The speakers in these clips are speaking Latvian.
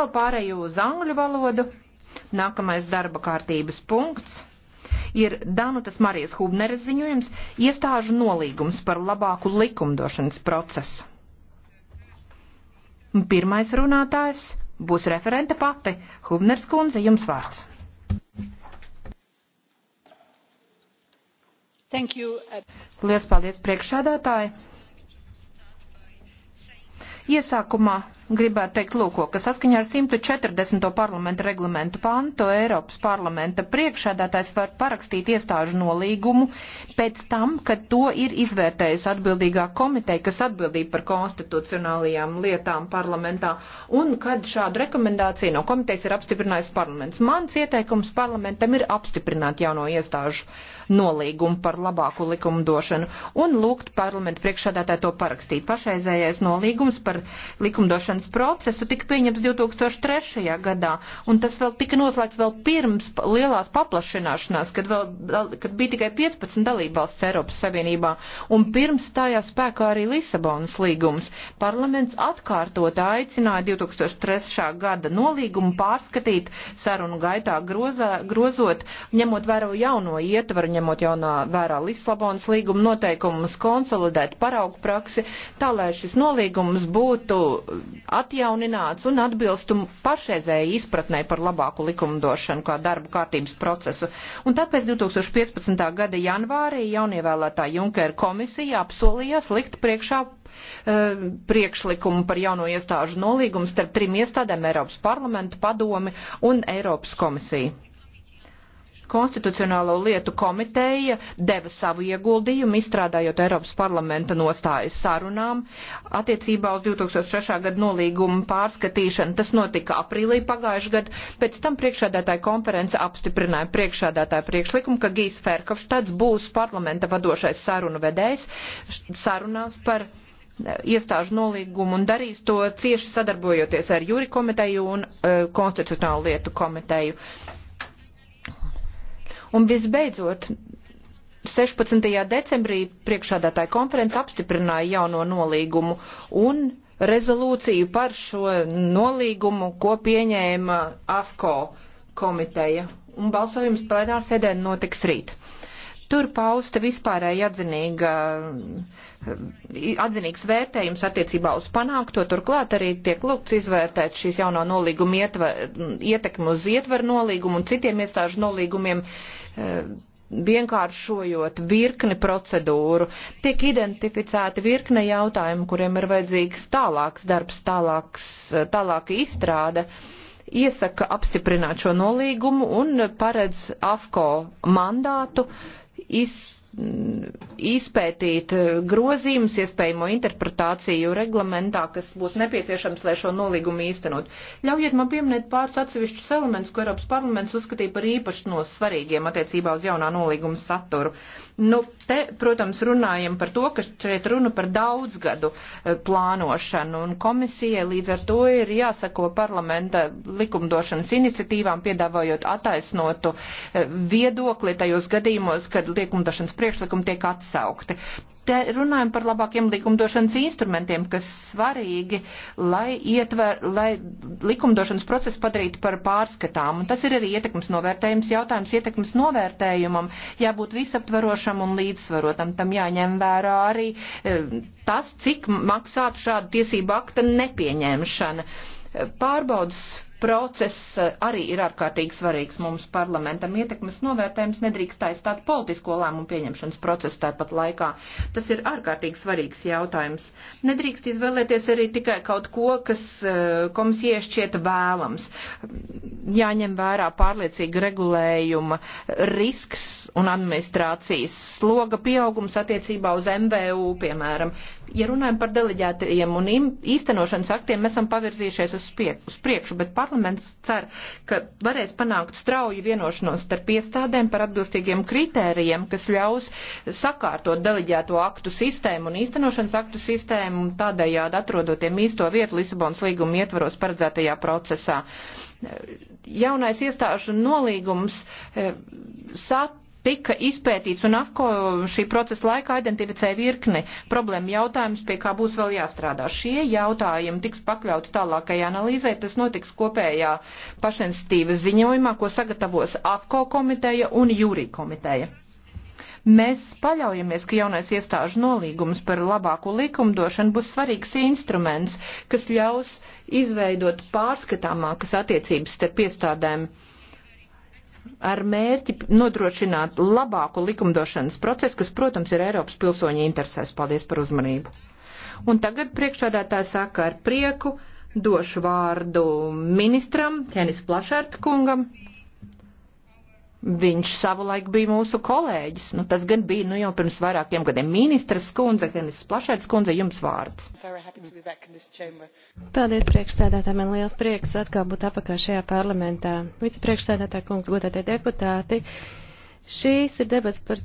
atkal pārēju uz angļu valodu. Nākamais darba kārtības punkts ir Danutas Marijas Hubneres ziņojums - iestāžu nolīgums par labāku likumdošanas procesu. Pirmais runātājs būs referente pati. Hubners kundze, jums vārds. Thank you. Lies paldies priekšādātāji. Iesākumā gribētu teikt, lūk, ka saskaņā ar 140. parlamenta reglamentu pantu Eiropas parlamenta priekšēdātājs var parakstīt iestāžu nolīgumu pēc tam, kad to ir izvērtējusi atbildīgā komiteja, kas atbildība par konstitucionālajām lietām parlamentā, un kad šādu rekomendāciju no komitejas ir apstiprinājis parlaments. Mans ieteikums parlamentam ir apstiprināt jauno iestāžu nolīgumu par labāku likumdošanu un lūgt parlamentu priekšādātāju to parakstīt. Pašreizējais nolīgums par likumdošanas procesu tika pieņemts 2003. gadā, un tas vēl tika noslēgts vēl pirms lielās paplašināšanās, kad, vēl, kad bija tikai 15 dalībvalsts Eiropas Savienībā, un pirms stājās spēkā arī Lisabonas līgums. Parlaments atkārtot aicināja 2003. gada nolīgumu pārskatīt sarunu gaitā grozā, grozot, ņemot vērā jauno ietvaru, ņemot jaunā vērā Lisabonas līguma noteikumus, konsolidēt paraugu praksi, tā lai šis nolīgums būtu atjaunināts un atbilstu pašreizēji izpratnē par labāku likumdošanu kā darbu kārtības procesu. Un tāpēc 2015. gada janvārī jaunievēlētā Junkera komisija apsolījās likt priekšā eh, priekšlikumu par jauno iestāžu nolīgumu starp trim iestādēm Eiropas parlamentu padomi un Eiropas komisiju. Konstitucionālo lietu komiteja deva savu ieguldījumu, izstrādājot Eiropas parlamenta nostājas sarunām attiecībā uz 2006. gada nolīgumu pārskatīšanu. Tas notika aprīlī pagājušajā gadā. Pēc tam priekšādātāja konference apstiprināja priekšādātāja priekšlikumu, ka Gijs Ferkovštads būs parlamenta vadošais sarunu vedējs sarunās par iestāžu nolīgumu un darīs to cieši sadarbojoties ar jūri komiteju un uh, eh, konstitucionālu lietu komiteju. Uh, Un visbeidzot, 16. decembrī priekšādātāja konference apstiprināja jauno nolīgumu un rezolūciju par šo nolīgumu, ko pieņēma AFCO komiteja. Un balsojums plenārsēdē notiks rīt. Tur pausta vispārēji atzinīga, atzinīgs vērtējums attiecībā uz panākto, turklāt arī tiek lūgts izvērtēt šīs jauno nolīgumu ietver, ietekmi uz ietveru nolīgumu un citiem iestāžu nolīgumiem. Uh, E, vienkāršojot virkni procedūru, tiek identificēti virkne jautājumu, kuriem ir vajadzīgs tālāks darbs, tālāks, e, tālāka izstrāde. Iesaka apstiprināt šo nolīgumu un paredz AFCO mandātu iz, izpētīt eh, grozījumus, iespējamo interpretāciju reglamentā, kas būs nepieciešams, lai šo nolīgumu īstenot. Ļaujiet man pieminēt pāris atsevišķus elementus, ko Eiropas parlaments uzskatīja par īpaši no svarīgiem attiecībā uz jaunā nolīguma saturu. Nu, te, protams, runājam par to, ka šeit runa par daudzgadu e, plānošanu, un komisijai līdz ar to ir jāsako parlamenta likumdošanas iniciatīvām, piedāvājot attaisnotu e, viedokli tajos gadījumos, kad likumdošanas priekšlikumi tiek atsaukti te runājam par labākiem likumdošanas instrumentiem, kas svarīgi, lai, ietver, lai likumdošanas procesu padarītu par pārskatām. Un tas ir arī ietekmes novērtējums jautājums. Ietekmes novērtējumam jābūt visaptvarošam un līdzsvarotam. Tam jāņem vērā arī e, tas, cik maksātu šāda tiesība akta nepieņemšana. Pārbaudas process eh, arī ir ārkārtīgi svarīgs mums parlamentam. Ietekmes novērtējums nedrīkst aizstāt politisko lēmumu pieņemšanas procesu tāpat laikā. Tas ir ārkārtīgi svarīgs jautājums. Nedrīkst izvēlēties arī tikai kaut ko, kas eh, komisijai šķiet vēlams. Jāņem vērā pārliecīga regulējuma risks un administrācijas sloga pieaugums attiecībā uz MVU, piemēram. Ja runājam par deleģētajiem un īstenošanas aktiem, mēs esam pavirzījušies uz, pie, uz priekšu, bet parlaments cer, ka varēs panākt strauju vienošanos starp iestādēm par atbilstīgiem kritērijiem, kas ļaus sakārtot deleģēto aktu sistēmu un īstenošanas aktu sistēmu un tādējādi atrodotiem īsto vietu Lisabonas līguma ietvaros paredzētajā procesā. Jaunais iestāžu nolīgums eh, sat tika izpētīts un AFCO šī procesa laikā identificēja virkni problēmu jautājumus, pie kā būs vēl jāstrādā. Šie jautājumi tiks pakļauti tālākajai analīzē, tas notiks kopējā pašenstības ziņojumā, ko sagatavos AFCO komiteja un jūrī komiteja. Mēs paļaujamies, ka jaunais iestāžu nolīgums par labāku likumdošanu būs svarīgs instruments, kas ļaus izveidot pārskatāmākas attiecības starp iestādēm. Uh, ar mērķi nodrošināt labāku likumdošanas procesu, kas, protams, ir Eiropas pilsoņu interesēs. Paldies par uzmanību. Un tagad priekšādātāja saka ar prieku došu vārdu ministram Henis Plašārta kungam. Viņš savulaik bija mūsu kolēģis, nu tas gan bija, nu jau pirms vairākiem gadiem. Ministras skundze, gan es plašēts skundze, jums vārds. Paldies, priekšsēdētāji, man liels prieks atkal būt apakā šajā parlamentā. Vicepriekšsēdētāji, kungs, godētie deputāti, šīs ir debats par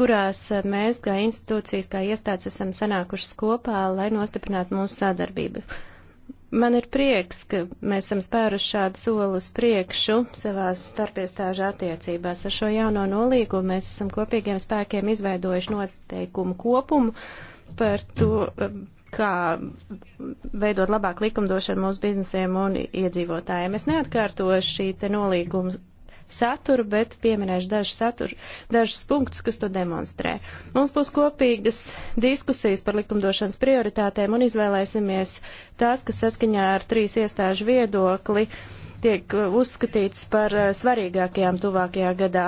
kurās mēs, kā institūcijas, kā iestādes, esam sanākušas kopā, lai nostiprinātu mūsu sadarbību. Man ir prieks, ka mēs esam spēruši šādu soli uz priekšu savās starpiestāžu attiecībās. Ar šo jauno nolīgumu mēs esam kopīgiem spēkiem izveidojuši noteikumu kopumu par to, um, kā veidot labāk likumdošanu mūsu biznesiem un iedzīvotājiem. Es neatkārtošu šī te nolīguma saturu, bet pieminēšu dažus, saturu, dažus punktus, kas to demonstrē. Mums būs kopīgas diskusijas par likumdošanas prioritātēm un izvēlēsimies tās, kas saskaņā ar trīs iestāžu viedokli. Uh, tiek uh, uzskatīts par uh, svarīgākajām tuvākajā gadā.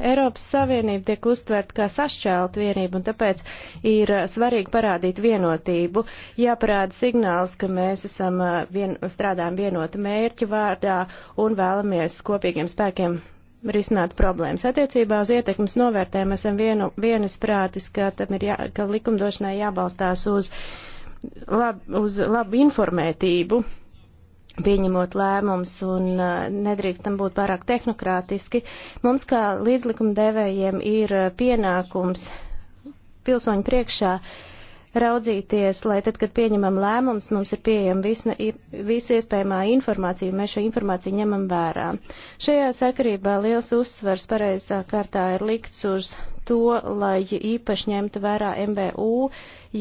Eiropas Savienība tiek uztvert kā sašķēlt vienība, un tāpēc ir uh, svarīgi parādīt vienotību, jāparāda signāls, ka mēs esam vien, strādājam vienota mērķa vārdā un vēlamies kopīgiem spēkiem risināt problēmas. Attiecībā uz ietekmes novērtējumu esam vienu, vienas prātis, ka, ir jā, ka likumdošanai jābalstās uz, lab, uz labu informētību pieņemot lēmums un nedrīkstam būt pārāk tehnokrātiski. Mums kā līdzlikuma devējiem ir pienākums pilsoņu priekšā uh, raudzīties, lai tad, kad pieņemam lēmums, mums ir pieejama visa, visa iespējamā informācija, un mēs šo informāciju ņemam vērā. Šajā sakarībā liels uzsvers pareizā kārtā ir likts uz to, lai īpaši ņemtu vērā MVU,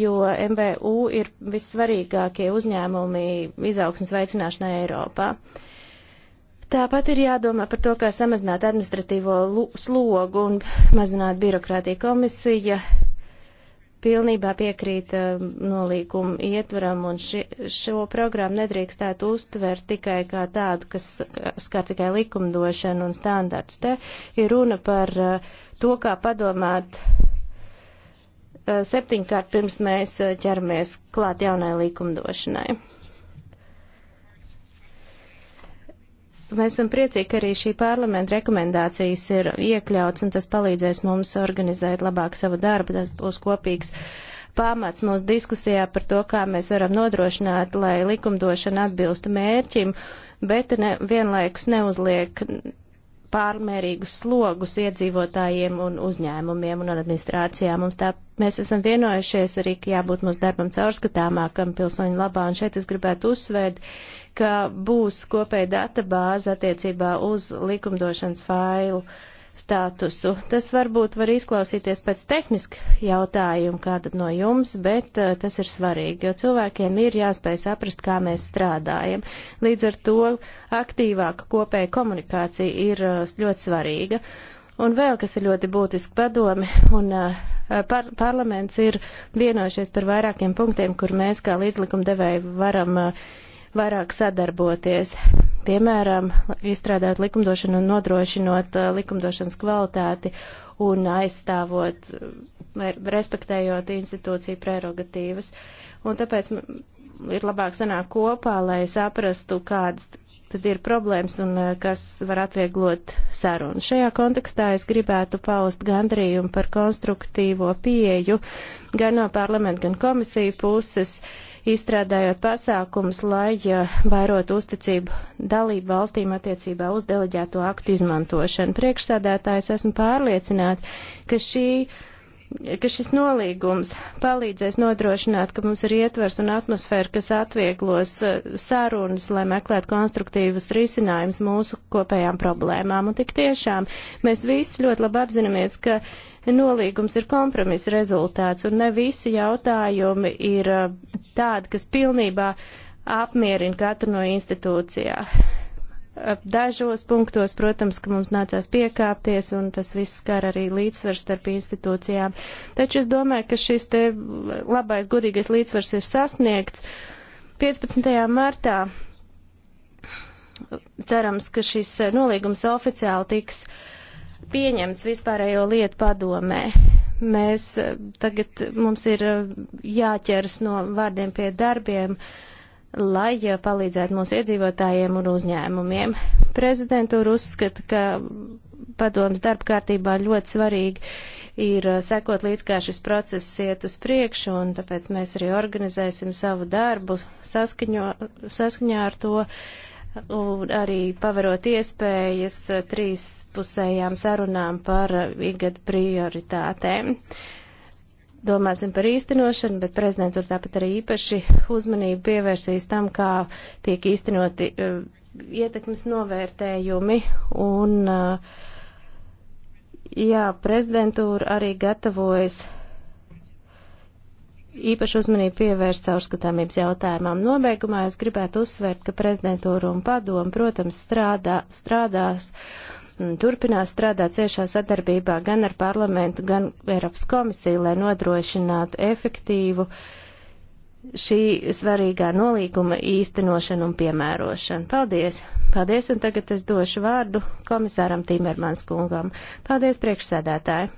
jo MVU ir vissvarīgākie uzņēmumi izaugsmas veicināšanai Eiropā. Tāpat ir jādomā par to, kā samazināt administratīvo slogu un mazināt birokrātiju komisiju pilnībā piekrīt eh, nolīguma ietveram un ši, šo programmu nedrīkstētu uztvert tikai kā tādu, kas skar tikai likumdošanu un standarts. Te ir runa par eh, to, kā padomāt eh, septiņkārt pirms mēs ķeramies klāt jaunai likumdošanai. Mēs esam priecīgi, ka arī šī parlamenta rekomendācijas ir iekļauts, un tas palīdzēs mums organizēt labāk savu darbu. Tas būs kopīgs pamats mūsu diskusijā par to, kā mēs varam nodrošināt, lai likumdošana atbilstu mērķim, bet ne, vienlaikus neuzliek pārmērīgus slogus iedzīvotājiem un uzņēmumiem un administrācijā. Mums tā, mēs esam vienojušies arī, ka jābūt mūsu darbam caurskatāmākam pilsoņu labā, un šeit es gribētu uzsvērt, uh, ka būs kopēja databāze attiecībā uz likumdošanas failu statusu. Tas varbūt var izklausīties pēc tehniska jautājuma kādam no jums, bet uh, tas ir svarīgi, jo cilvēkiem ir jāspēj saprast, kā mēs strādājam. Līdz ar to aktīvāka kopēja komunikācija ir uh, ļoti svarīga. Un vēl, kas ir ļoti būtiski padomi, un uh, par, parlaments ir vienojušies par vairākiem punktiem, kur mēs kā līdzlikumdevēji varam uh, vairāk sadarboties. Piemēram, izstrādāt likumdošanu un nodrošinot uh, likumdošanas kvalitāti un aizstāvot, uh, respektējot institūciju prerogatīvas. Un tāpēc ir labāk sanākt kopā, lai saprastu, kādas tad ir problēmas un uh, kas var atvieglot sarunu. Šajā kontekstā es gribētu paust gandrījumu par konstruktīvo pieju gan no parlamenta, gan komisiju puses. Uh, izstrādājot pasākums, lai vairot uzticību dalību valstīm attiecībā uz deleģēto aktu izmantošanu. Priekšsādātājs esmu pārliecināta, ka šī ka šis nolīgums palīdzēs nodrošināt, ka mums ir ietvers un atmosfēra, kas atvieglos eh, sarunas, lai meklētu konstruktīvus risinājumus mūsu kopējām problēmām. Un tik tiešām mēs visi ļoti labi apzināmies, ka nolīgums ir kompromisa rezultāts, un ne visi jautājumi ir eh, tādi, kas pilnībā apmierina katru no institūcijā. Eh, dažos punktos, protams, ka mums nācās piekāpties, un tas viss skar arī līdzsvars starp institūcijām. Taču es domāju, ka šis te labais, godīgais līdzsvars ir sasniegts. 15. martā cerams, ka šis eh, nolīgums oficiāli tiks uh, pieņemts vispārējo lietu padomē. Mēs eh, tagad mums ir eh, jāķers no vārdiem pie darbiem, lai eh, palīdzētu mūsu iedzīvotājiem un uzņēmumiem. Prezidentūra uzskata, ka padomas darba kārtībā ļoti svarīgi ir sekot līdz kā šis process iet uz priekšu, un tāpēc mēs arī organizēsim savu darbu saskaņo, saskaņā ar to, uh, un arī pavarot iespējas trīspusējām sarunām par igad prioritātēm. Domāsim par īstenošanu, bet prezidentūra tāpat arī īpaši uzmanību pievērsīs tam, kā tiek īstenoti uh, ietekmes novērtējumi un, uh, jā, prezidentūra arī gatavojas īpašu uzmanību pievērst caurskatāmības jautājumam. Nobeigumā es gribētu uzsvērt, ka prezidentūra un padomu, protams, strādā, strādās, mm, turpinās strādāt ciešā sadarbībā gan ar parlamentu, gan Eiropas komisiju, lai nodrošinātu efektīvu šī svarīgā nolīguma īstenošanu un piemērošanu. Paldies! Paldies, un tagad es došu vārdu komisāram Timermans kungam. Paldies, priekšsēdētāji!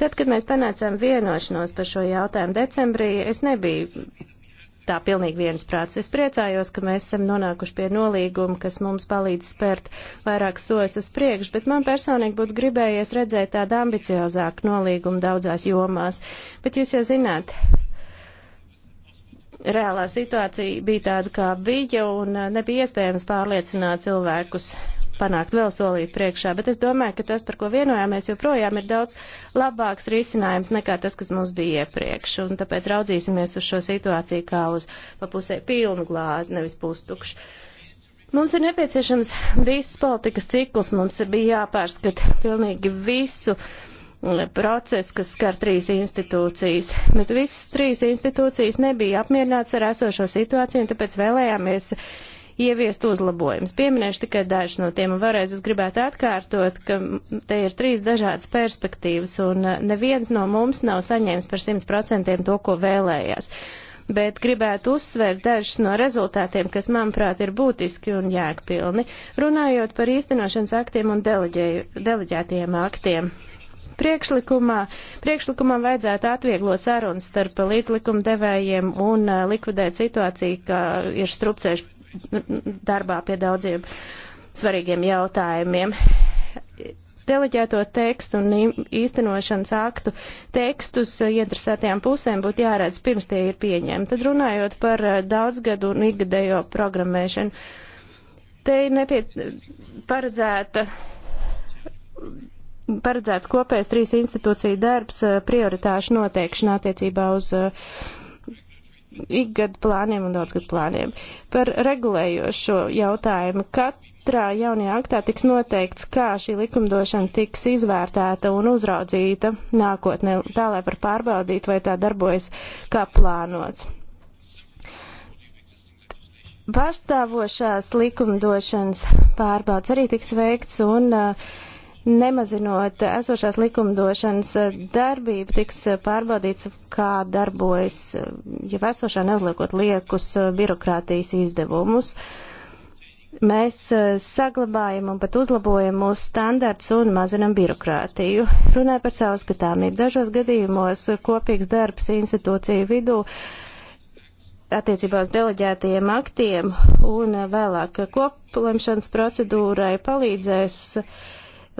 Tad, kad mēs panācām vienošanos par šo jautājumu decembrī, es nebiju tā pilnīgi viensprāts. Es priecājos, ka mēs esam nonākuši pie nolīguma, kas mums palīdz spērt vairāk sojas uz priekšu, bet man personīgi būtu gribējies redzēt tādu ambiciozāku nolīgumu daudzās jomās. Bet jūs jau zināt, reālā situācija bija tāda, kā bija, un eh, nebija iespējams pārliecināt cilvēkus panākt vēl solīt priekšā, bet es domāju, ka tas, par ko vienojāmies, joprojām ir daudz labāks risinājums nekā tas, kas mums bija iepriekš, un tāpēc raudzīsimies uz šo situāciju kā uz pa pusē pilnu glāzi, nevis pustukšu. Mums ir nepieciešams viss politikas cikls, mums bija jāpārskat pilnīgi visu eh, procesu, kas skar trīs institūcijas, bet visas trīs institūcijas nebija apmierināts ar esošo situāciju, un tāpēc vēlējāmies uh, ieviest uzlabojumus. Pieminēšu tikai dažus no tiem, un vēlreiz es gribētu atkārtot, ka te ir trīs dažādas perspektīvas, un uh, neviens no mums nav saņēmis par 100% to, ko vēlējās. Bet gribētu uzsvērt dažus no rezultātiem, kas, manuprāt, ir būtiski un jēgpilni, runājot par īstenošanas aktiem un deleģētajiem aktiem priekšlikumā, priekšlikumā vajadzētu atvieglot sarunas starp līdzlikuma devējiem un uh, likvidēt situāciju, ka ir strupceļš darbā pie daudziem svarīgiem jautājumiem. Deleģēto tekstu un īstenošanas aktu tekstus eh, interesētajām pusēm būtu jāredz pirms tie ir pieņemti. Tad runājot par eh, daudzgadu un ikgadējo programmēšanu, te ir nepie... paredzēta paredzēts kopējs trīs institūciju darbs eh, prioritāšu noteikšanā attiecībā uz uh, ikgad plāniem un daudzgad plāniem. Par regulējošo jautājumu, katrā jaunajā aktā tiks noteikts, kā šī likumdošana tiks izvērtēta un uzraudzīta nākotnē, tā lai var pārbaudīt, vai tā darbojas kā plānots. Pārstāvošās likumdošanas pārbauds arī tiks veikts un uh, nemazinot esošās likumdošanas eh, darbību, tiks eh, pārbaudīts, kā darbojas eh, jau esošā, neuzliekot liekus birokrātijas izdevumus. Mēs saglabājam un pat uzlabojam mūsu standarts un mazinam birokrātiju. Runāju par caurskatāmību. Dažos gadījumos kopīgs darbs institūciju vidū attiecībā uz deleģētajiem aktiem un vēlāk koplemšanas procedūrai palīdzēs uh,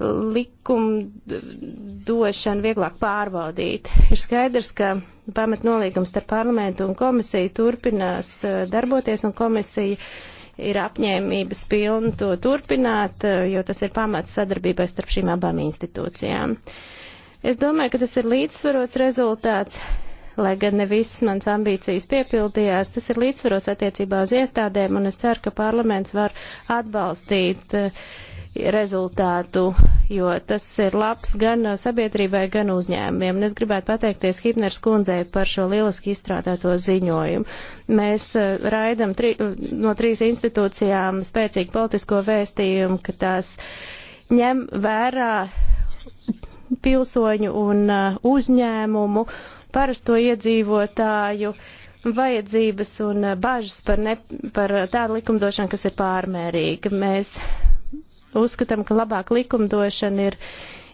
likumdošanu vieglāk pārbaudīt. Ir skaidrs, ka pamat nolīgums starp parlamentu un komisiju turpinās eh, darboties, un komisija ir apņēmības pilna to turpināt, eh, jo tas ir pamats sadarbībai starp šīm abām institūcijām. Es domāju, ka tas ir līdzsvarots rezultāts, lai gan ne visas mans ambīcijas piepildījās, tas ir līdzsvarots attiecībā uz iestādēm, un es ceru, ka parlaments var atbalstīt uh, rezultātu, jo tas ir labs gan sabiedrībai, gan uzņēmumiem. Un es gribētu pateikties Hipners kundzei par šo lieliski izstrādāto ziņojumu. Mēs eh, raidam tri, no trīs institūcijām spēcīgu politisko vēstījumu, ka tās ņem vērā pilsoņu un eh, uzņēmumu, parasto iedzīvotāju vajadzības un eh, bažas par, ne, par tādu likumdošanu, kas ir pārmērīga. Mēs uzskatām, ka labāk likumdošana ir,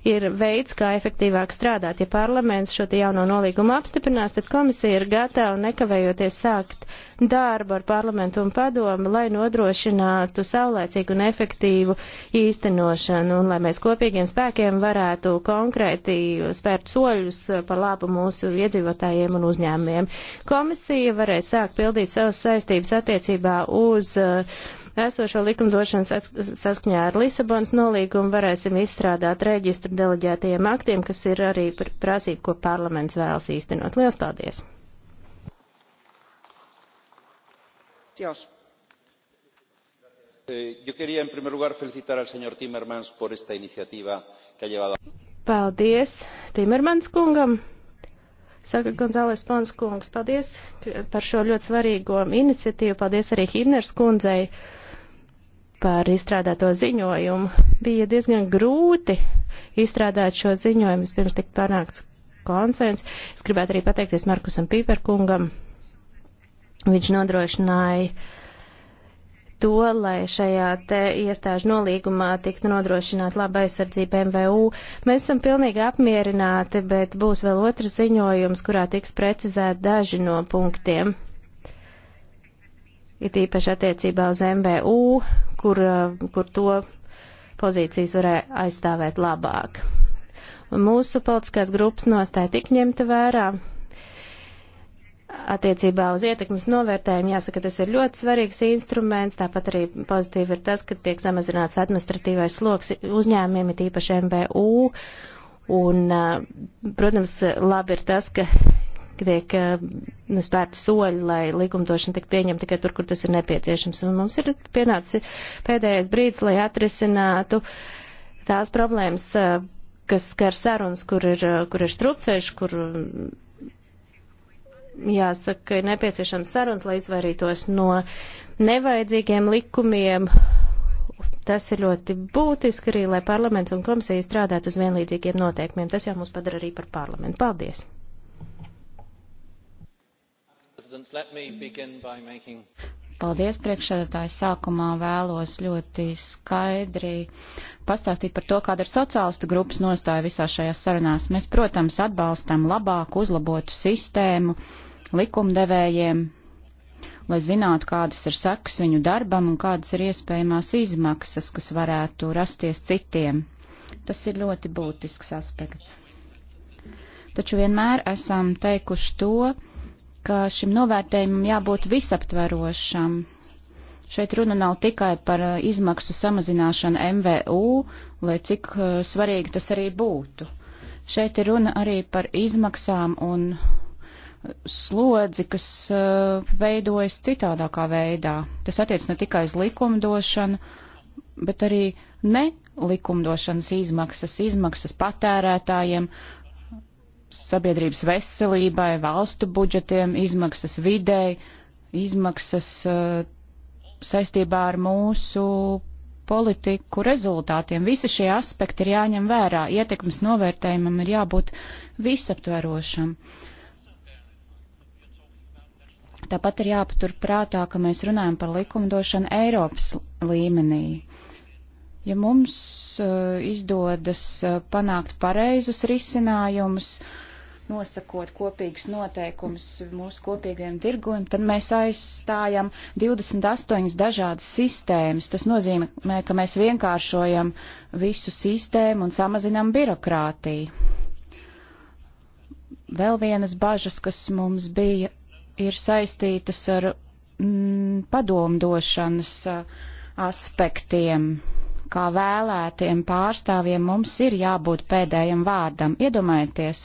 ir veids, kā efektīvāk strādāt. Ja parlaments šo jauno nolīgumu apstiprinās, tad komisija ir gatava nekavējoties sākt darbu ar parlamentu un padomu, lai nodrošinātu saulēcīgu un efektīvu īstenošanu un lai mēs kopīgiem spēkiem varētu konkrēti spērt soļus par labu mūsu iedzīvotājiem un uzņēmumiem. Komisija varēs sākt pildīt savas saistības attiecībā uz uh, esošo likumdošanu saskaņā ar Lisabonas nolīgumu varēsim izstrādāt reģistru deleģētajiem aktiem, kas ir arī prasība, ko parlaments vēlas īstenot. Lielas paldies! Dios. Eh, yo quería en primer lugar felicitar al señor Timmermans por esta iniciativa que ha llevado a. Paldies Timermans kungam. Saka Gonzāles Pons kungs, paldies par šo ļoti svarīgo iniciatīvu, paldies arī Himners kundzei. Uh, par izstrādāto ziņojumu. Bija diezgan grūti izstrādāt šo ziņojumu, vispirms tik panākts konsens. Es gribētu arī pateikties Markusam Pīperkungam. Viņš nodrošināja to, lai šajā te iestāžu nolīgumā tiktu nodrošināt laba aizsardzība MVU. Mēs esam pilnīgi apmierināti, bet būs vēl otrs ziņojums, kurā tiks precizēt daži no punktiem it īpaši attiecībā uz MVU, kur, eh, kur to pozīcijas varēja aizstāvēt labāk. Un mūsu politiskās grupas nostāja tik ņemta vērā. Attiecībā uz ietekmes novērtējumu jāsaka, tas ir ļoti svarīgs instruments, tāpat arī pozitīvi ir tas, ka tiek samazināts administratīvais sloks uzņēmiem, it īpaši MBU, un, eh, protams, labi ir tas, ka ka tiek eh, spērti soļi, lai likumdošana tik pieņemta tikai tur, kur tas ir nepieciešams. Un mums ir pienācis pēdējais brīdis, lai atrisinātu tās problēmas, eh, kas skar sarunas, kur ir, eh, kur ir strupceļš, kur mm, jāsaka, ka ir nepieciešams sarunas, lai izvairītos no nevajadzīgiem likumiem. Tas ir ļoti būtiski arī, lai parlaments un komisija strādātu uz vienlīdzīgiem noteikumiem. Tas jau mūs padara arī par parlamentu. Paldies! Paldies, priekšsēdētāji. Sākumā vēlos ļoti skaidri pastāstīt par to, kāda ir sociālistu grupas nostāja visā šajās sarunās. Mēs, protams, atbalstam labāku, uzlabotu sistēmu likumdevējiem, lai zinātu, kādas ir sekas viņu darbam un kādas ir iespējamās izmaksas, kas varētu rasties citiem. Tas ir ļoti būtisks aspekts. Taču vienmēr esam teikuši to, ka šim novērtējumam jābūt visaptverošam. Šeit runa nav tikai par uh, izmaksu samazināšanu MVU, lai cik uh, svarīgi tas arī būtu. Šeit ir runa arī par izmaksām un slodzi, kas uh, veidojas citādākā veidā. Tas attiec ne tikai uz likumdošanu, bet arī ne likumdošanas izmaksas, izmaksas patērētājiem, sabiedrības veselībai, valstu budžetiem, izmaksas videi, izmaksas eh, saistībā ar mūsu politiku rezultātiem. Visi šie aspekti ir jāņem vērā. Ietekmes novērtējumam ir jābūt visaptverošam. Tāpat ir jāpatur prātā, ka mēs runājam par likumdošanu Eiropas līmenī. Ja mums uh, izdodas uh, panākt pareizus risinājumus, uh, nosakot kopīgus noteikumus mūsu kopīgajiem tirgojumiem, tad mēs aizstājam 28 dažādas sistēmas. Tas nozīmē, ka mēs vienkāršojam visu sistēmu un samazinam birokrātiju. Vēl vienas bažas, kas mums bija, ir saistītas ar mm, padomdošanas aspektiem kā vēlētiem pārstāvjiem mums ir jābūt pēdējiem vārdam. Iedomājieties,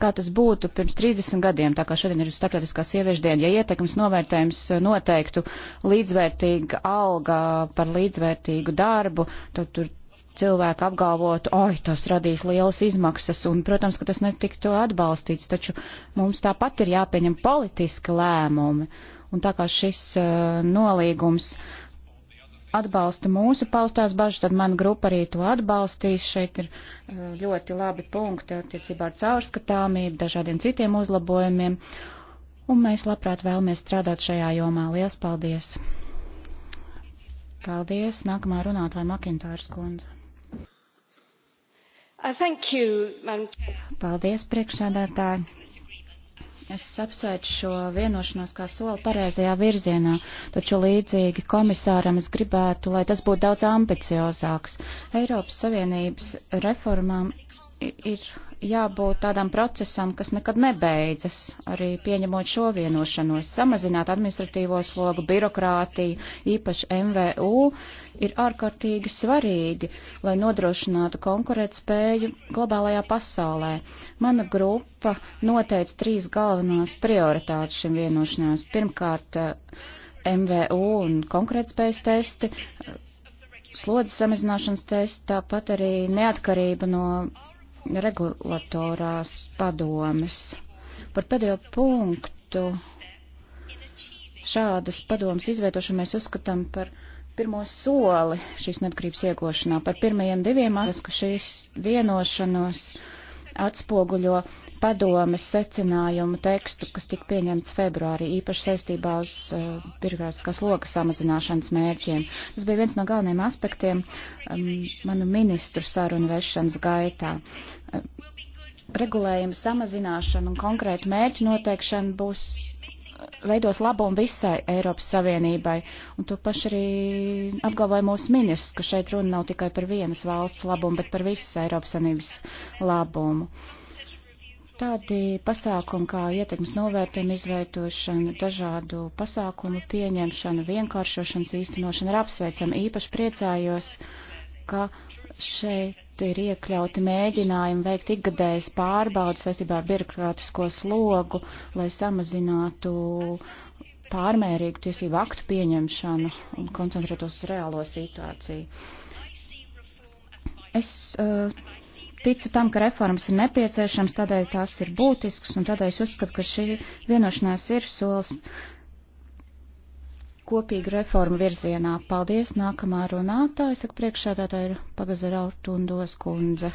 kā tas būtu pirms 30 gadiem, tā kā šodien ir starptautiskā sieviešu diena, ja ietekmes novērtējums eh, noteiktu līdzvērtīga alga par līdzvērtīgu darbu, tad tur cilvēki apgalvotu, oi, tas radīs lielas izmaksas, un, protams, ka tas netiktu atbalstīts, taču mums tāpat ir jāpieņem politiski lēmumi. Un tā kā šis uh, nolīgums uh, atbalsta mūsu paustās bažas, tad mana grupa arī to atbalstīs. Šeit ir uh, ļoti labi punkti attiecībā ar caurskatāmību, dažādiem citiem uzlabojumiem, un mēs labprāt vēlamies strādāt šajā jomā. Lielas paldies! Paldies! Nākamā runātāja Makintārs kundze. Uh, paldies, priekšsēdētāji! Es apsveicu šo vienošanos kā soli pareizajā virzienā, taču līdzīgi komisāram es gribētu, lai tas būtu daudz ambiciozāks. Eiropas Savienības reformām ir jābūt tādam procesam, kas nekad nebeidzas, arī pieņemot šo vienošanos. Samazināt administratīvo slogu, birokrātiju, īpaši MVU, ir ārkārtīgi svarīgi, lai nodrošinātu konkurētspēju globālajā pasaulē. Mana grupa noteica trīs galvenās prioritātes šim vienošanās. Pirmkārt, MVU un konkurētspējas testi slodzes samazināšanas tests, tāpat arī neatkarība no regulatorās padomes. Par pēdējo punktu šādas padomas izveidošanu mēs uzskatām par pirmo soli šīs neatkarības iegošanā. Par pirmajiem diviem atzīst, ka šīs vienošanos atspoguļo padomes secinājumu tekstu, kas tika pieņemts februārī, īpaši saistībā uz uh, birokrātiskās lokas samazināšanas mērķiem. Tas bija viens no galvenajiem aspektiem um, manu ministru sarunu vešanas gaitā. Uh, regulējuma samazināšana un konkrēta mērķa noteikšana būs uh, veidos labumu visai Eiropas Savienībai. Un to paši arī apgalvoja mūsu ministrs, ka šeit runa nav tikai par vienas valsts labumu, bet par visas Eiropas Savienības labumu. Uh, Tādi pasākumi kā ietekmes novērtējuma izveidošana, dažādu pasākumu pieņemšana, vienkāršošanas īstenošana ir apsveicama. Īpaši priecājos, ka šeit ir iekļauti mēģinājumi veikt ikgadējas pārbaudas saistībā ar birokrātisko slogu, lai samazinātu pārmērīgu tiesību aktu pieņemšanu un koncentrētos uz reālo situāciju. Es uh, ticu tam, ka reformas ir nepieciešams, tādēļ tās ir būtisks, un tādēļ es uzskatu, ka šī vienošanās ir solis kopīgu reformu virzienā. Paldies, nākamā runātāja, saka priekšsēdētāja ir Pagazara Ortundos kundze.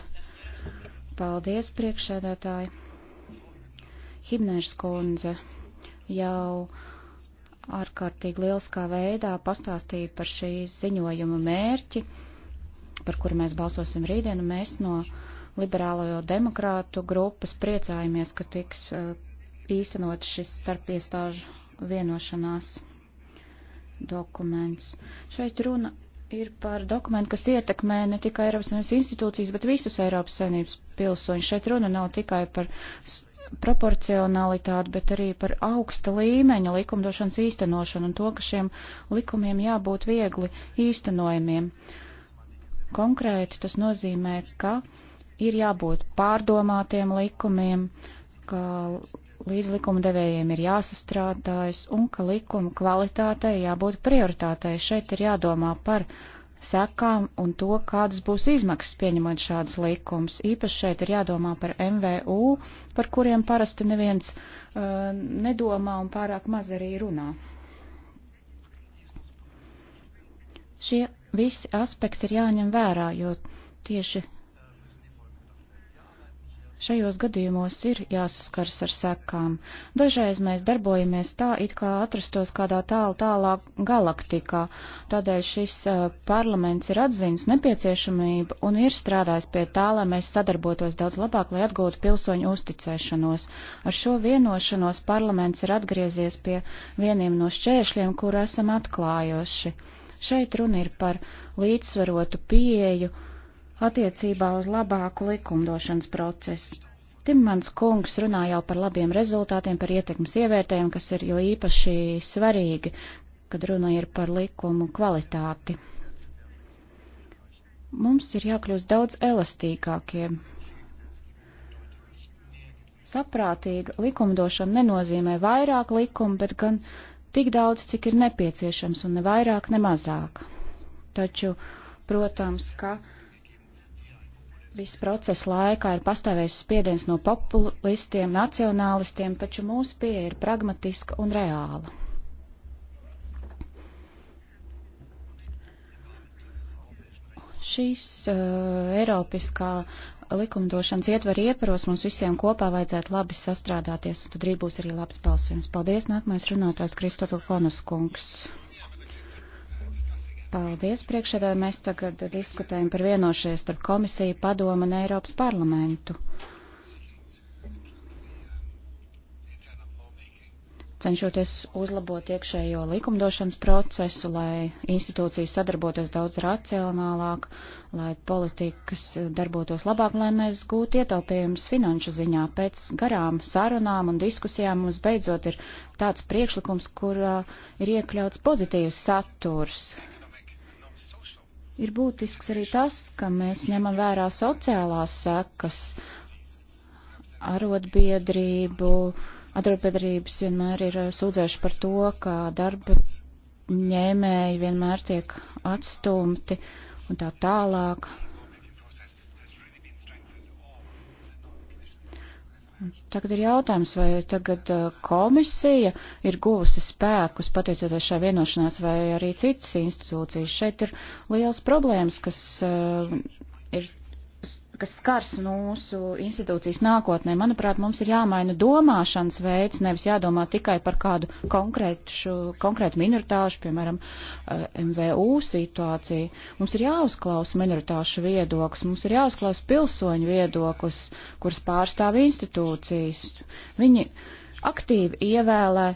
Paldies, priekšsēdētāji. Himnērs kundze jau ārkārtīgi lieliskā veidā pastāstīja par šī ziņojuma mērķi, par kuru mēs balsosim rītdien, un mēs no liberālojo demokrātu grupas priecājamies, ka tiks eh, īstenot šis starpiestāžu vienošanās dokuments. Šeit runa ir par dokumentu, kas ietekmē ne tikai Eiropas Savienības institūcijas, bet visus Eiropas Savienības pilsoņus. Šeit runa nav tikai par proporcionalitāti, bet arī par augsta līmeņa likumdošanas īstenošanu un to, ka šiem likumiem jābūt viegli īstenojumiem. Konkrēti tas nozīmē, ka ir jābūt pārdomātiem likumiem, ka līdz likuma devējiem ir jāsastrādājas un ka likuma kvalitātei jābūt prioritātei. Šeit ir jādomā par sekām un to, kādas būs izmaksas pieņemot šādas likums. Īpaši šeit ir jādomā par MVU, par kuriem parasti neviens uh, nedomā un pārāk maz arī runā. Šie visi aspekti ir jāņem vērā, jo tieši Šajos gadījumos ir jāsaskars ar sekām. Dažreiz mēs darbojamies tā, it kā atrastos kādā tālu tālā galaktikā. Tādēļ šis uh, parlaments ir atzinis nepieciešamību un ir strādājis pie tā, lai mēs sadarbotos daudz labāk, lai atgūtu pilsoņu uzticēšanos. Ar šo vienošanos parlaments ir atgriezies pie vieniem no šķēršļiem, kur esam atklājoši. Šeit runa ir par līdzsvarotu pieeju attiecībā uz labāku likumdošanas procesu. Timmans kungs runā jau par labiem rezultātiem, par ietekmes ievērtējumu, kas ir jo īpaši svarīgi, kad runa ir par likumu kvalitāti. Mums ir jākļūst daudz elastīgākiem. Saprātīga likumdošana nenozīmē vairāk likumu, bet gan tik daudz, cik ir nepieciešams, un ne vairāk, ne mazāk. Taču, protams, ka Visu procesu laikā ir pastāvējis spiediens no populistiem, nacionālistiem, taču mūsu pieeja ir pragmatiska un reāla. Šīs uh, Eiropiskā likumdošanas ietver iepros mums visiem kopā vajadzētu labi sastrādāties, un tad arī būs arī labs balsojums. Paldies, nākamais runātājs Kristofu Konus kungs. Paldies, priekšēdā. Mēs tagad diskutējam par vienošies starp komisiju, padomu un Eiropas parlamentu. Cenšoties uzlabot iekšējo likumdošanas procesu, lai institūcijas sadarbotos daudz racionālāk, lai politikas darbotos labāk, lai mēs gūtu ietaupījumus finanšu ziņā. Pēc garām sarunām un diskusijām mums beidzot ir tāds priekšlikums, kurā ir iekļauts pozitīvs saturs Ir būtisks arī tas, ka mēs ņemam vērā sociālās sekas, arotbiedrību, arotbiedrības vienmēr ir eh, sūdzējuši par to, ka darba ņēmēji vienmēr tiek atstumti un tā tālāk. Tagad ir jautājums, vai tagad uh, komisija ir guvusi spēkus pateicoties šai vienošanās vai arī citas institūcijas. Šeit ir liels problēmas, kas uh, ir kas skars mūsu institūcijas nākotnē. Manuprāt, mums ir jāmaina domāšanas veids, nevis jādomā tikai par kādu konkrētu, konkrētu minoritāšu, piemēram, eh, MVU situāciju. Mums ir jāuzklausa minoritāšu viedoklis, mums ir jāuzklausa pilsoņu viedoklis, kuras pārstāv institūcijas. Viņi aktīvi ievēlē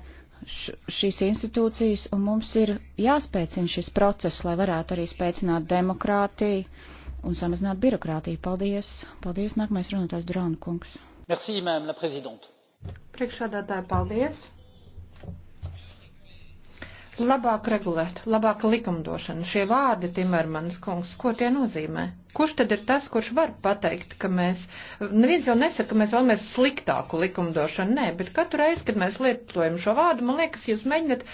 šīs institūcijas, un mums ir jāspēcina šis process, lai varētu arī spēcināt demokrātiju un samazināt birokrātiju. Paldies! Paldies! Nākamais runātājs Drāna kungs. Merci, Priekšādātāji, paldies! Labāk regulēt, labāk likumdošana. Šie vārdi, Timermans kungs, ko tie nozīmē? Kurš tad ir tas, kurš var pateikt, ka mēs, neviens jau nesaka, ka mēs vēlamies sliktāku likumdošanu, nē, bet katru reizi, kad mēs lietojam šo vārdu, man liekas, jūs mēģināt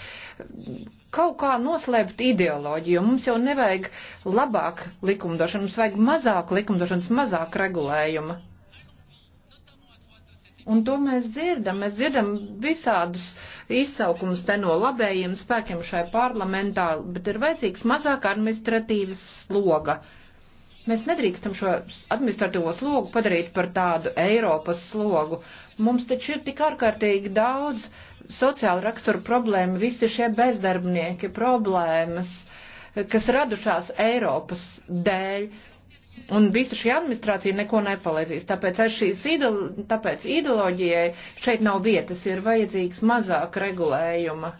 kaut kā noslēpt ideoloģiju, mums jau nevajag labāk likumdošanu, mums vajag mazāk likumdošanas, mazāk regulējuma. Un to mēs dzirdam, mēs dzirdam visādus uh, izsaukums te no labējiem spēkiem šai parlamentā, bet ir vajadzīgs mazāk administratīvas sloga. Mēs nedrīkstam šo administratīvo slogu padarīt par tādu Eiropas slogu. Mums taču ir tik ārkārtīgi daudz sociāla rakstura problēma, visi šie bezdarbnieki, problēmas, kas radušās Eiropas dēļ Un visa šī administrācija neko nepalīdzīs. Tāpēc, ideolo, tāpēc ideoloģijai šeit nav vietas, ir vajadzīgs mazāk regulējuma.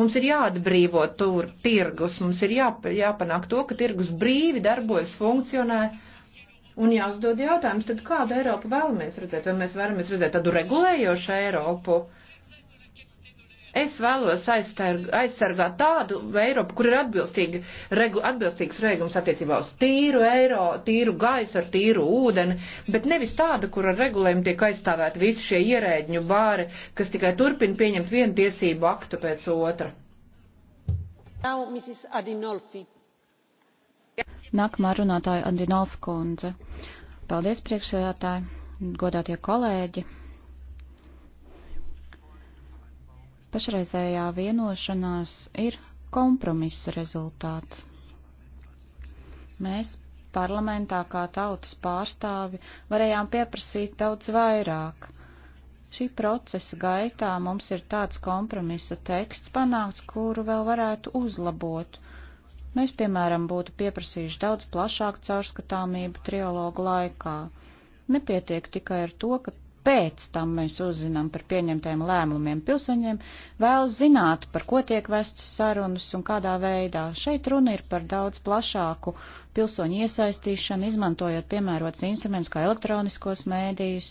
Mums ir jāatbrīvo tur tirgus, mums ir jā, jāpanāk to, ka tirgus brīvi darbojas, funkcionē. Un jāuzdod jautājums, tad kādu Eiropu vēlamies redzēt? Vai mēs vēlamies redzēt tādu regulējošu Eiropu? Uh, Es vēlos aizstarg, aizsargāt tādu Eiropu, kur ir atbilstīgi, regu, atbilstīgs regulums attiecībā uz tīru eiro, tīru gaisu, ar tīru ūdeni, bet nevis tāda, kur ar regulējumu tiek aizstāvēti visi šie ierēģņu bāri, kas tikai turpina pieņemt vienu tiesību aktu pēc otra. Now, Mrs. Adinolfi. Nākamā runātāja Andrinolfa kundze. Paldies priekšsēdētāji, godātie kolēģi. Pašreizējā vienošanās ir kompromisa rezultāts. Mēs parlamentā kā tautas pārstāvi varējām pieprasīt daudz vairāk. Šī procesa gaitā mums ir tāds kompromisa teksts panākts, kuru vēl varētu uzlabot. Mēs, piemēram, būtu pieprasījuši daudz plašāku caurskatāmību trialogu laikā. Nepietiek tikai ar to, ka pēc tam mēs uzzinām par pieņemtajiem lēmumiem. Pilsoņiem vēl zināt, par ko tiek vestas sarunas un kādā veidā. Šeit runa ir par daudz plašāku pilsoņu iesaistīšanu, izmantojot piemērots instruments kā elektroniskos mēdījus,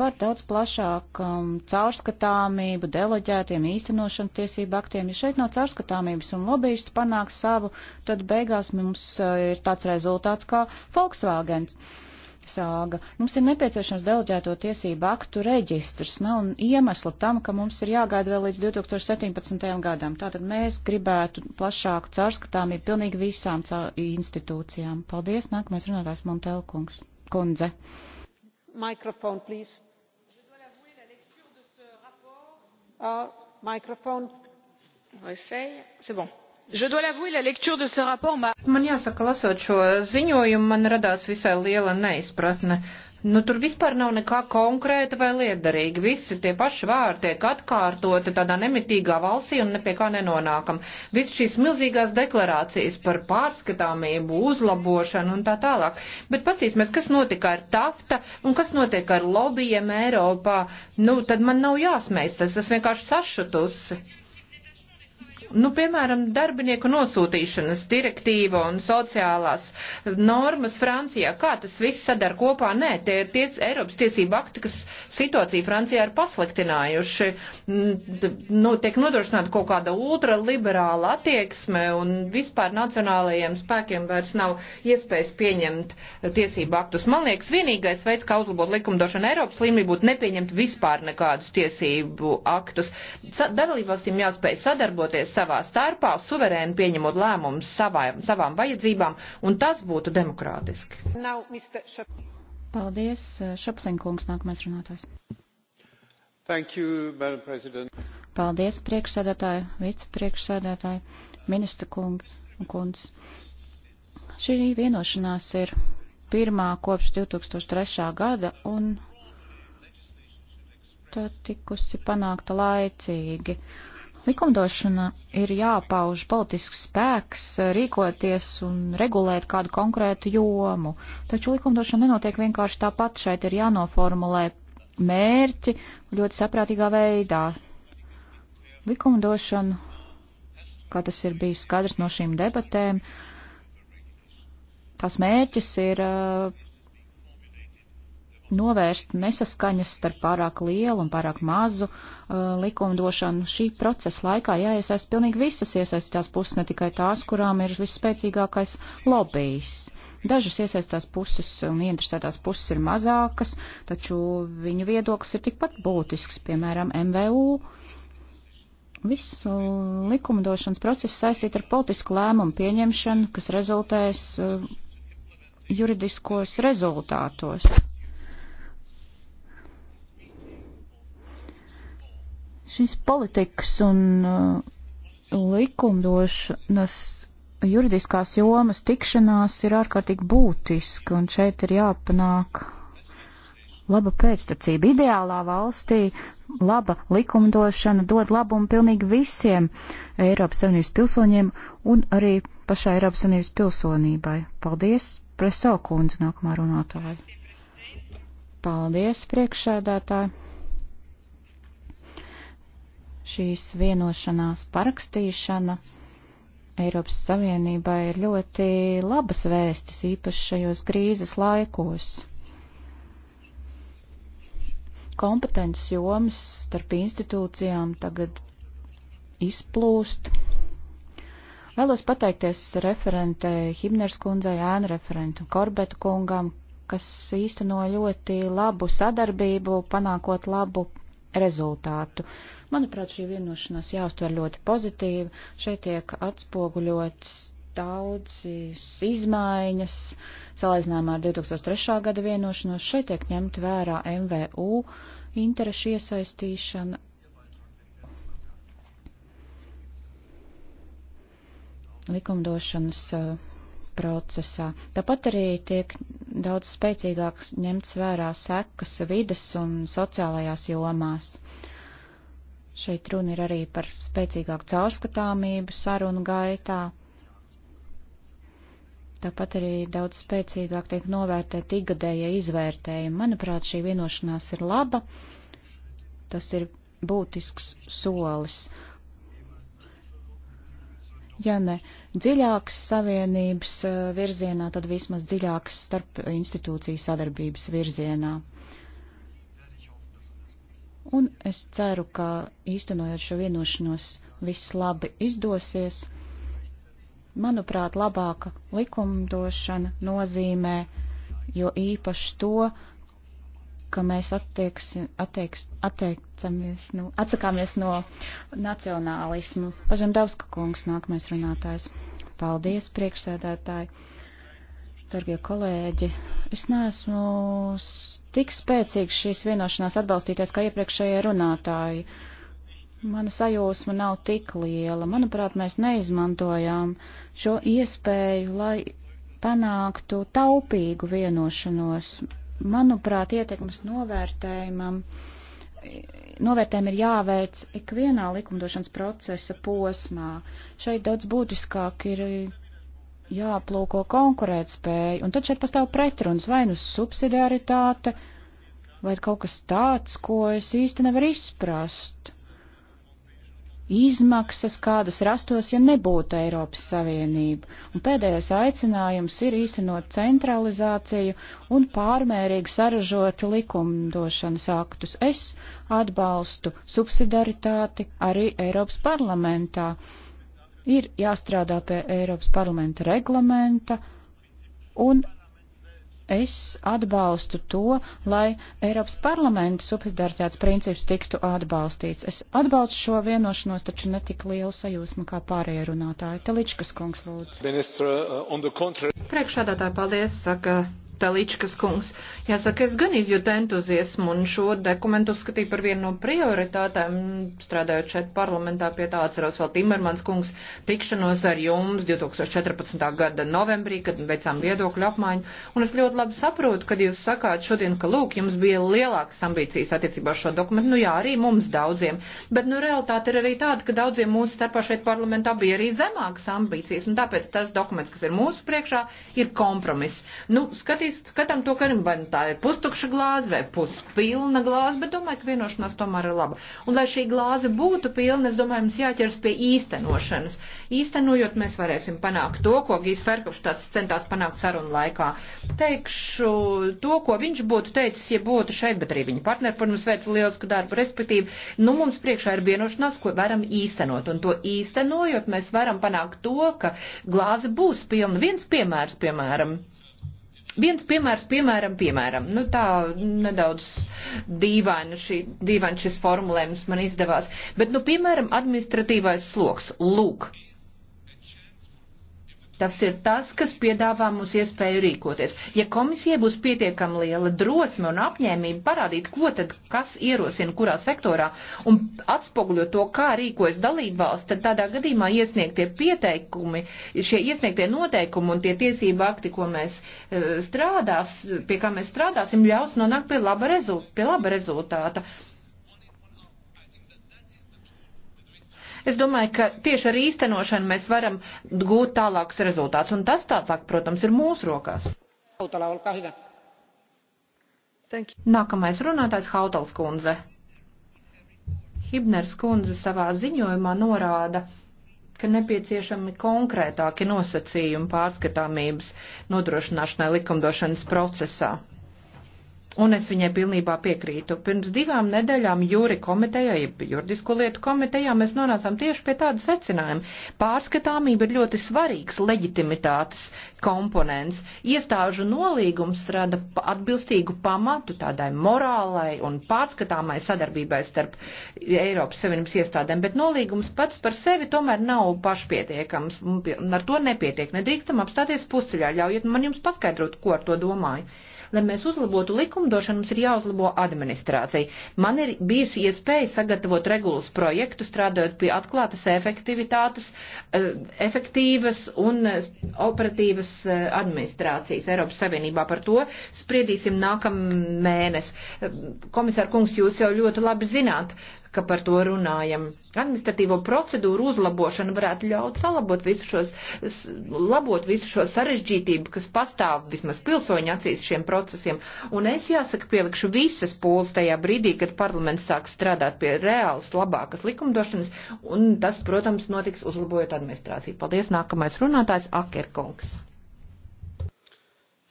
par daudz plašākam um, caurskatāmību, deleģētiem īstenošanas tiesību aktiem. Ja šeit no caurskatāmības un lobbyistu panāks savu, tad beigās mums uh, ir tāds rezultāts kā Volkswagens. Uh, sāga. Mums ir nepieciešams deleģēto tiesību aktu reģistrs. Nav iemesla tam, ka mums ir jāgaida vēl līdz 2017. gadam. Tātad mēs gribētu plašāku caurskatāmību pilnīgi visām institūcijām. Paldies. Nākamais runātājs Montelkungs. Kundze. Mikrofon, please. Uh, mikrofon. Vai sēja? C'est bon. Man jāsaka, lasot šo ziņojumu, man radās visai liela neizpratne. Nu, tur vispār nav nekā konkrēta vai liederīga. Visi tie paši vārdi tiek atkārtoti tādā nemitīgā valsī un nepie kā nenonākam. Viss šīs milzīgās deklarācijas par pārskatāmību, uzlabošanu un tā tālāk. Bet pastīsimies, kas notika ar tafta un kas notiek ar lobbyiem Eiropā. Nu, tad man nav jāsmējas, es esmu vienkārši sašutusi. Nu, piemēram, darbinieku nosūtīšanas direktīva un sociālās normas Francijā, kā tas viss sadar kopā? Nē, tie ir tie Eiropas tiesība akti, kas situāciju Francijā ir pasliktinājuši. Mm, nu, tiek nodrošināta kaut kāda ultraliberāla attieksme un vispār nacionālajiem spēkiem vairs nav iespējas pieņemt tiesību aktus. Man liekas, vienīgais veids, kā uzlabot likumdošanu Eiropas līmenī, būtu nepieņemt vispār nekādus tiesību aktus. Sa darbalībvalstīm jāspēj sadarboties savā starpā, suverēni pieņemot lēmumus savām, savām vajadzībām, un tas būtu demokrātiski. Now, Paldies. Eh, Šaplinkungs nākamais runātājs. Thank you, Madam President. Paldies, priekšsēdētāji, vicepriekšsēdētāji, ministra kungi un kundas. Šī vienošanās ir pirmā kopš 2003. gada un tā tikusi panākta laicīgi. Uh, Likumdošana ir jāpauž politisks spēks rīkoties un regulēt kādu konkrētu jomu, taču likumdošana nenotiek vienkārši tāpat, šeit ir jānoformulē mērķi ļoti saprātīgā veidā. Likumdošana, kā tas ir bijis skaidrs no šīm debatēm, tās mērķis ir uh, novērst nesaskaņas starp pārāk lielu un pārāk mazu uh, likumdošanu. Šī procesa laikā jāiesaist pilnīgi visas iesaistītās puses, ne tikai tās, kurām ir visspēcīgākais lobbyis. Dažas iesaistītās puses un interesētās puses ir mazākas, taču viņu viedoklis ir tikpat būtisks, piemēram, MVU. Visu likumdošanas procesu saistīt ar politisku lēmumu pieņemšanu, kas rezultēs uh, juridiskos rezultātos. Šīs politikas un uh, likumdošanas juridiskās jomas tikšanās ir ārkārtīgi būtiska, un šeit ir jāpanāk laba pēctecība. Ideālā valstī laba likumdošana dod labumu pilnīgi visiem Eiropas Savienības pilsoņiem un arī pašai Eiropas Savienības pilsonībai. Paldies, Preso kundze, nākamā runātāja. Paldies, priekšsēdētāji. Šīs vienošanās parakstīšana Eiropas Savienībā ir ļoti labas vēstis, īpaši šajos krīzes laikos. Kompetences jomas starp institūcijām tagad izplūst. Vēlos pateikties referentei Himners kundzei, ēnu referentu Korbetu kungam, kas īsteno ļoti labu sadarbību, panākot labu rezultātu. Manuprāt, šī vienošanās jāuztver ļoti pozitīvi. Šeit tiek atspoguļots daudzas izmaiņas, salīdzinājumā ar 2003. gada vienošanos. Šeit tiek ņemt vērā MVU interešu iesaistīšana. likumdošanas uh, procesā. Tāpat arī tiek daudz spēcīgāk ņemts vērā sekas vidas un sociālajās jomās. Uh, Šeit runa ir arī par spēcīgāku caurskatāmību sarunu gaitā. Tāpat arī daudz spēcīgāk tiek novērtēti ikgadējie izvērtējumi. Manuprāt, šī vienošanās ir laba. Tas ir būtisks solis. Ja ne dziļākas savienības eh, virzienā, tad vismaz dziļākas starp institūciju sadarbības virzienā un es ceru, ka īstenojot šo vienošanos viss labi izdosies. Manuprāt, labāka likumdošana nozīmē, jo īpaši to, ka mēs attieks, atteiks, atteicamies, nu, atsakāmies no nacionālismu. Pažem Dauska kungs, nākamais runātājs. Paldies, priekšsēdētāji. Dargie kolēģi, es neesmu tik spēcīgs šīs vienošanās atbalstīties kā iepriekšējie runātāji. Mana sajūsma nav tik liela. Manuprāt, mēs neizmantojām šo iespēju, lai panāktu taupīgu vienošanos. Manuprāt, ietekmes novērtējumam novērtējumi ir jāveic ikvienā likumdošanas procesa posmā. Šeit daudz būtiskāk ir jāplūko konkurētspēja, un tad šeit pastāv pretruns vai nu subsidiaritāte, vai kaut kas tāds, ko es īsti nevaru izprast. Izmaksas, kādas rastos, ja nebūtu Eiropas Savienība, un pēdējais aicinājums ir īstenot centralizāciju un pārmērīgi saražot likumdošanas aktus. Es atbalstu subsidaritāti arī Eiropas parlamentā ir jāstrādā pie Eiropas parlamenta reglamenta, un es atbalstu to, lai Eiropas parlamenta subsidaritātes princips tiktu atbalstīts. Es atbalstu šo vienošanos, taču netik lielu sajūsmu kā pārējie runātāji. Teličkas kungs lūdzu. Uh, Priekšādātāji, paldies, saka Teličkas kungs. Jāsaka, es gan izjūtu entuziasmu un šo dokumentu uzskatīju par vienu no prioritātēm, strādājot šeit parlamentā pie tā atceros vēl Timermans kungs tikšanos ar jums 2014. gada novembrī, kad veicām viedokļu apmaiņu. Un es ļoti labi saprotu, kad jūs sakāt šodien, ka lūk, jums bija lielākas ambīcijas attiecībā ar šo dokumentu. Nu jā, arī mums daudziem. Bet nu realitāte ir arī tāda, ka daudziem mūsu starpā šeit parlamentā bija arī zemākas ambīcijas. Un tāpēc tas dokuments, kas ir mūsu priekšā, ir kompromiss. Nu, skatīs skatām to, ka vai nu tā ir pustukša glāze vai puspilna glāze, bet domāju, ka vienošanās tomēr ir laba. Un lai šī glāze būtu pilna, es domāju, mums jāķers pie īstenošanas. Īstenojot, mēs varēsim panākt to, ko Gīs Ferkovštāts centās panākt sarunu laikā. Teikšu to, ko viņš būtu teicis, ja būtu šeit, bet arī viņa partneri par mums veica lielisku darbu, respektīvi, nu mums priekšā ir vienošanās, ko varam īstenot. Un to īstenojot, mēs varam panākt to, ka glāze būs pilna. Viens piemērs, piemēram viens piemērs, piemēram, piemēram, nu tā nedaudz dīvaini šī, dīvaini šis formulējums man izdevās, bet, nu, piemēram, administratīvais sloks. Lūk, Tas ir tas, kas piedāvā mums iespēju rīkoties. Ja komisija būs pietiekami liela drosme un apņēmība parādīt, ko tad kas ierosina kurā sektorā un atspoguļo to, kā rīkojas dalībvalsts, tad tādā gadījumā iesniegtie pieteikumi, šie iesniegtie noteikumi un tie tiesība akti, ko mēs e, strādās, pie kā mēs strādāsim, ļaus nonākt pie laba, rezult, pie laba rezultāta. Es domāju, ka tieši ar īstenošanu mēs varam gūt tālākus rezultātus, un tas tālāk, protams, ir mūsu rokās. Hautala, olkaa hyvä. Nākamais runātājs Hautals kundze. Hibners kundze savā ziņojumā norāda, ka nepieciešami konkrētāki nosacījumi pārskatāmības nodrošināšanai likumdošanas procesā un es viņai pilnībā piekrītu. Pirms divām nedēļām jūri komitejā, juridisko lietu komitejā, mēs nonācām tieši pie tāda secinājuma. Pārskatāmība ir ļoti svarīgs leģitimitātes komponents. Iestāžu nolīgums rada atbilstīgu pamatu tādai morālai un pārskatāmai sadarbībai starp Eiropas Savienības iestādēm, bet nolīgums pats par sevi tomēr nav pašpietiekams, un ar to nepietiek. Nedrīkstam apstāties pusceļā, ļaujiet man jums paskaidrot, ko ar to domāju. Lai mēs uzlabotu likumdošanu, mums ir jāuzlabo administrācija. Man ir bijusi iespēja sagatavot regulas projektu, strādājot pie atklātas efektivitātes, eh, efektīvas un eh, operatīvas eh, administrācijas Eiropas Savienībā. Par to spriedīsim nākamā mēnesi. Komisār kungs, jūs jau ļoti labi zināt, ka par to runājam. Administratīvo procedūru uzlabošana varētu ļaut salabot visu šos, labot visu šo sarežģītību, kas pastāv vismaz pilsoņu acīs šiem procesiem. Un es jāsaka, pielikšu visas pūles tajā brīdī, kad parlaments sāks strādāt pie reālas, labākas likumdošanas, un tas, protams, notiks uzlabojot administrāciju. Paldies, nākamais runātājs Akerkungs.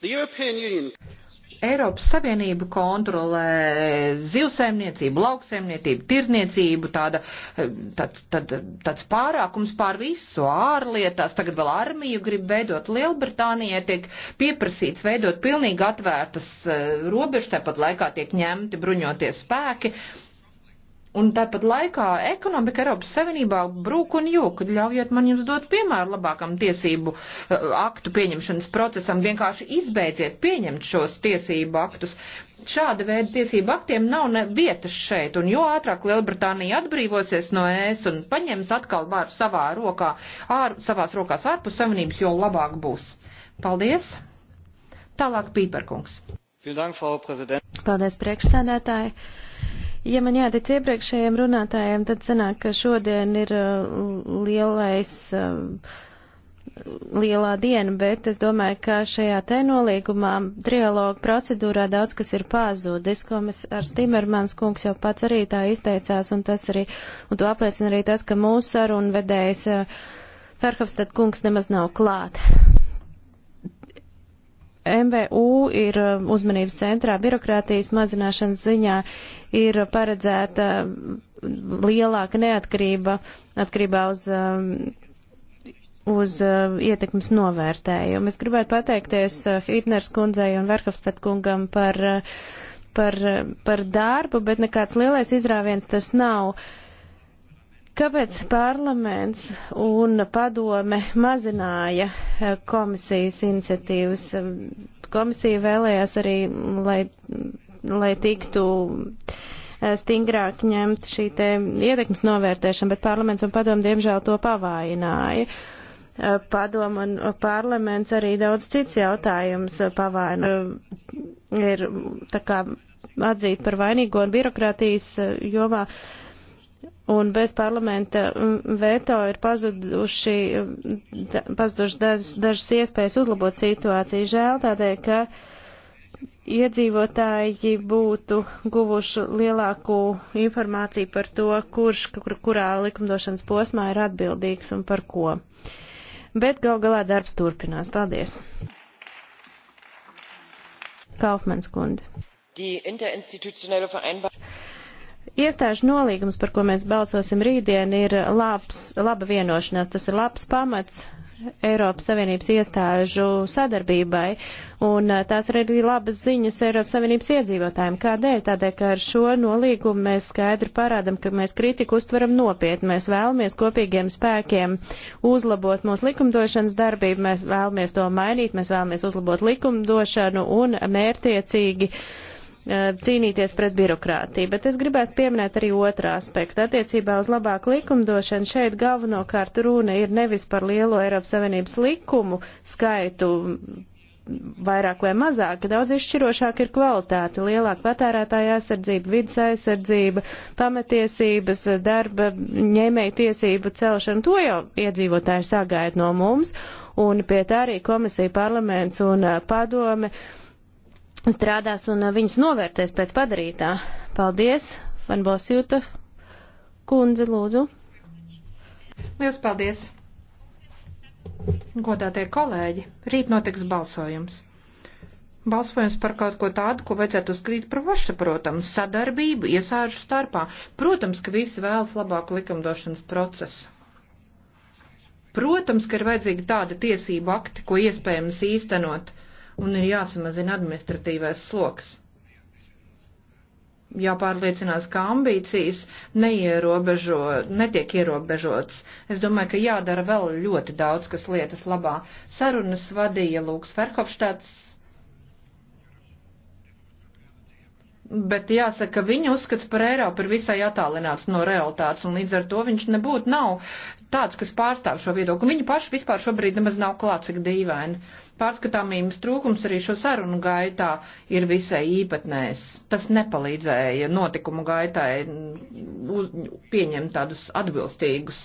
The European Union Eiropas Savienība kontrolē zivsaimniecību, lauksaimniecību, tirniecību, tāda, eh, tāds, tād, tāds pārākums pār visu ārlietās, tagad vēl armiju grib veidot. Lielbritānijai tiek pieprasīts veidot pilnīgi atvērtas eh, robežas, tāpat laikā tiek ņemti bruņoties spēki. Uh, Un tāpat laikā ekonomika Eiropas Savienībā brūk un jūk. Ļaujiet man jums dot piemēru labākam tiesību eh, aktu pieņemšanas procesam. Vienkārši izbeidziet pieņemt šos tiesību aktus. Šāda veida tiesību aktiem nav ne vietas šeit, un jo ātrāk Lielbritānija atbrīvosies no ES un paņems atkal varu savā rokā, ār, savās rokās ārpus Savienības, jo labāk būs. Paldies! Tālāk Pīperkungs. Paldies, priekšsēdētāji! Ja man jātic iepriekšējiem runātājiem, tad sanāk, ka šodien ir uh, lielais, uh, lielā diena, bet es domāju, ka šajā te nolīgumā, trialogu procedūrā daudz kas ir pazudis, ko mēs ar Stimermans kungs jau pats arī tā izteicās, un tas arī, un to apliecina arī tas, ka mūsu sarunvedējs uh, Ferhofstad kungs nemaz nav klāt. MVU ir um, uzmanības centrā birokrātijas mazināšanas ziņā, ir paredzēta um, lielāka neatkarība atkarībā uz um, uz uh, ietekmes novērtējumu. Es gribētu pateikties uh, Hitners kundzei un Verhofstad kungam par, uh, par, uh, par darbu, bet nekāds lielais izrāviens tas nav. Uh, Kāpēc parlaments un padome mazināja eh, komisijas iniciatīvas? Eh, komisija vēlējās arī, lai, lai tiktu eh, stingrāk ņemt šī te ietekmes novērtēšana, bet parlaments un padome diemžēl to pavājināja. Padoma un parlaments arī daudz cits jautājums pavaina. Ir tā kā atzīt par vainīgo un birokrātijas jomā. Jo un bez parlamenta mm, veto ir pazuduši, mm, pazuduši dažas, dažas iespējas uzlabot situāciju. Žēl tādēļ, ka iedzīvotāji būtu guvuši lielāku informāciju par to, kurš, kur, kurā likumdošanas posmā ir atbildīgs un par ko. Bet gal galā darbs turpinās. Paldies! Kaufmanns kundze. Die interinstitutionelle Vereinbarung Iestāžu nolīgums, par ko mēs balsosim rītdien, ir labs, laba vienošanās. Tas ir labs pamats Eiropas Savienības iestāžu sadarbībai, un eh, tās ir arī labas ziņas Eiropas Savienības iedzīvotājiem. Kādēļ? Tādēļ, ka ar šo nolīgumu mēs skaidri parādam, ka mēs kritiku uztveram nopietni, mēs vēlamies kopīgiem spēkiem uzlabot mūsu likumdošanas darbību, mēs vēlamies to mainīt, mēs vēlamies uzlabot likumdošanu un mērtiecīgi uh, Eh, cīnīties pret birokrātiju, bet es gribētu pieminēt arī otru aspektu. Attiecībā uz labāku likumdošanu šeit galvenokārt runa ir nevis par lielo Eiropas Savienības likumu skaitu vairāk vai mazāk, daudz izšķirošāk ir kvalitāte, lielāka patērētāja aizsardzība, vidas aizsardzība, pamatiesības, darba ņēmēju tiesību celšana. To jau iedzīvotāji sagaida no mums, un pie tā arī komisija, parlaments un eh, padome. Uh, strādās un uh, viņus novērtēs pēc padarītā. Paldies, Van Bosjūta kundze, lūdzu. Lielas paldies! Godātie kolēģi, rīt notiks balsojums. Balsojums par kaut ko tādu, ko vajadzētu uzskatīt par pašsaprotamu sadarbību iesāžu starpā. Protams, ka visi vēlas labāku likumdošanas procesu. Protams, ka ir vajadzīgi tādi tiesību akti, ko iespējams īstenot un ir jāsamazina administratīvais sloks. Jāpārliecinās, ka ambīcijas neierobežo, netiek ierobežotas. Es domāju, ka jādara vēl ļoti daudz, kas lietas labā. Sarunas vadīja Lūks Ferhofštāts bet jāsaka, viņa uzskats par Eiropu ir visai attālināts no realitātes, un līdz ar to viņš nebūtu nav tāds, kas pārstāv šo viedokli. Viņa paša vispār šobrīd nemaz nav klāt, cik dīvaini. Pārskatāmības trūkums arī šo sarunu gaitā ir visai īpatnējs. Tas nepalīdzēja notikumu gaitai mm, uz, pieņemt tādus atbilstīgus,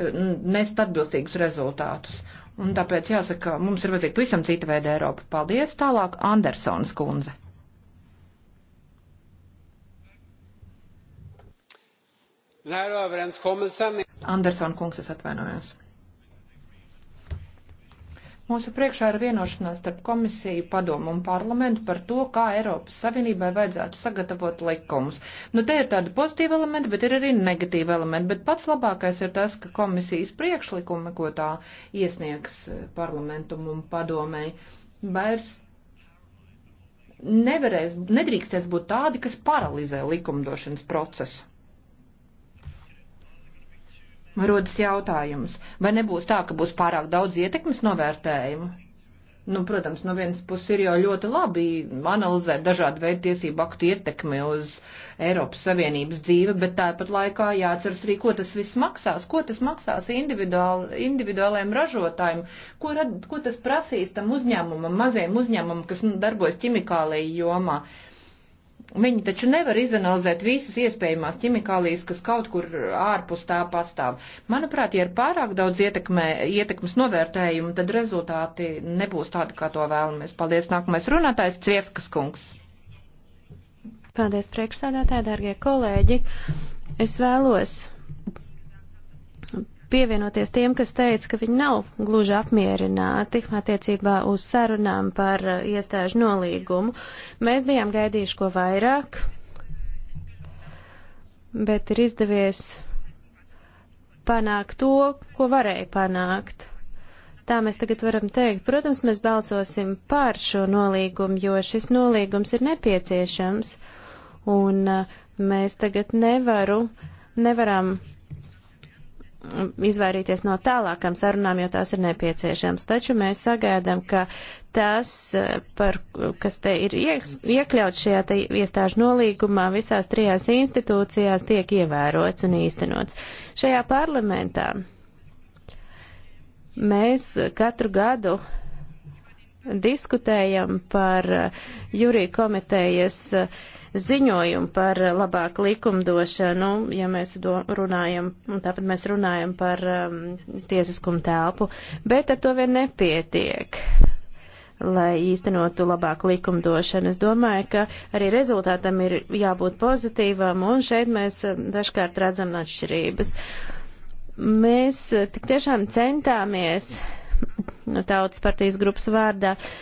mm, nest atbilstīgus rezultātus. Un tāpēc jāsaka, mums ir vajadzīga pavisam cita veida Eiropa. Paldies, tālāk Andersons kundze. Andersona kungs, es atvainojos. Mūsu priekšā ir vienošanās starp komisiju, padomu un parlamentu par to, kā Eiropas Savienībai vajadzētu sagatavot likumus. Nu, te ir tādi pozitīvi elementi, bet ir arī negatīvi elementi. Bet pats labākais ir tas, ka komisijas priekšlikumi, ko tā iesniegs eh, parlamentum un padomēji, vairs nevarēs, nedrīkstēs būt tādi, kas paralizē likumdošanas procesu rodas jautājums, vai nebūs tā, ka būs pārāk daudz ietekmes novērtējumu? Nu, protams, no vienas puses ir jau ļoti labi analizēt dažādu veidu tiesību aktu ietekmi uz Eiropas Savienības dzīvi, bet tāpat laikā jāatceras arī, ko tas viss maksās, ko tas maksās individuāli, individuāliem ražotājiem, ko, rad, ko tas prasīs tam uzņēmumam, mazajam uzņēmumam, kas nu, darbojas ķimikālajā jomā. Uh, Viņi taču nevar izanalizēt visas iespējamās ķimikālijas, kas kaut kur ārpus tā pastāv. Manuprāt, ja ir pārāk daudz ietekmē, ietekmes novērtējumu, tad rezultāti nebūs tādi, kā to vēlamies. Paldies, nākamais runātājs Cviefkas kungs. Paldies, priekšsēdētāji, dārgie kolēģi. Es vēlos pievienoties tiem, kas teica, ka viņi nav gluži apmierināti attiecībā uz sarunām par uh, iestāžu nolīgumu. Mēs bijām gaidījuši ko vairāk, bet ir izdevies panākt to, ko varēja panākt. Tā mēs tagad varam teikt. Protams, mēs balsosim par šo nolīgumu, jo šis nolīgums ir nepieciešams, un uh, mēs tagad nevaru, nevaram izvairīties no tālākam sarunām, jo tās ir nepieciešams. Taču mēs sagaidām, ka tas, eh, par, kas te ir iekļauts šajā iestāžu nolīgumā, visās trijās institūcijās tiek ievērots un īstenots. Šajā parlamentā mēs katru gadu diskutējam par eh, jūrī komitejas uh, ziņojumu par labāku likumdošanu, ja mēs runājam, un tāpat mēs runājam par um, tiesiskumu telpu, bet ar to vien nepietiek lai īstenotu labāku likumdošanu. Es domāju, ka arī rezultātam ir jābūt pozitīvam, un šeit mēs um, dažkārt redzam atšķirības. Mēs uh, tik tiešām centāmies no nu, tautas partijas grupas vārdā uh,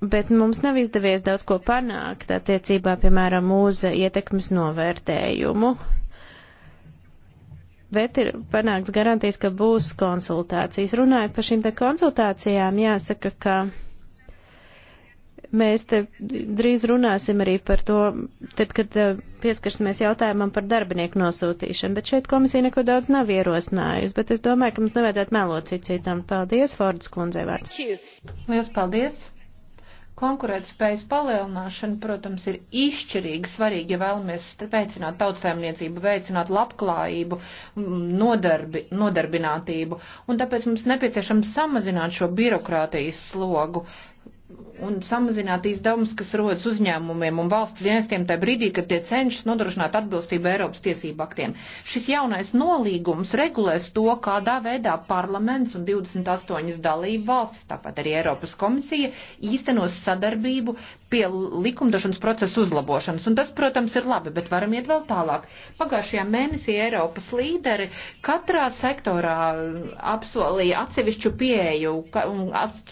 bet mums nav izdevies daudz ko panākt attiecībā, piemēram, uz ietekmes novērtējumu. Bet ir panākts garantijas, ka būs konsultācijas. Runājot par šīm te konsultācijām, jāsaka, ka mēs te drīz runāsim arī par to, tad, kad eh, pieskarsimies jautājumam par darbinieku nosūtīšanu, bet šeit komisija neko daudz nav ierosinājusi, bet es domāju, ka mums nevajadzētu melot citam. Paldies, Fordas kundzei vārds. Lielas paldies! Konkurētspējas palielināšana, protams, ir izšķirīgi svarīgi, ja vēlamies veicināt tautsēmniecību, veicināt labklājību, nodarbi, nodarbinātību. Un tāpēc mums nepieciešams samazināt šo birokrātijas slogu, un samazināt izdevumus, kas rodas uzņēmumiem un valsts dienestiem tajā brīdī, kad tie cenšas nodrošināt atbilstību Eiropas tiesību aktiem. Šis jaunais nolīgums regulēs to, kādā veidā parlaments un 28 dalību valstis, tāpat arī Eiropas komisija, īstenos sadarbību pie likumdošanas procesa uzlabošanas. Un tas, protams, ir labi, bet varam iet vēl tālāk. Pagājušajā mēnesī Eiropas līderi katrā sektorā apsolīja atsevišķu pieeju un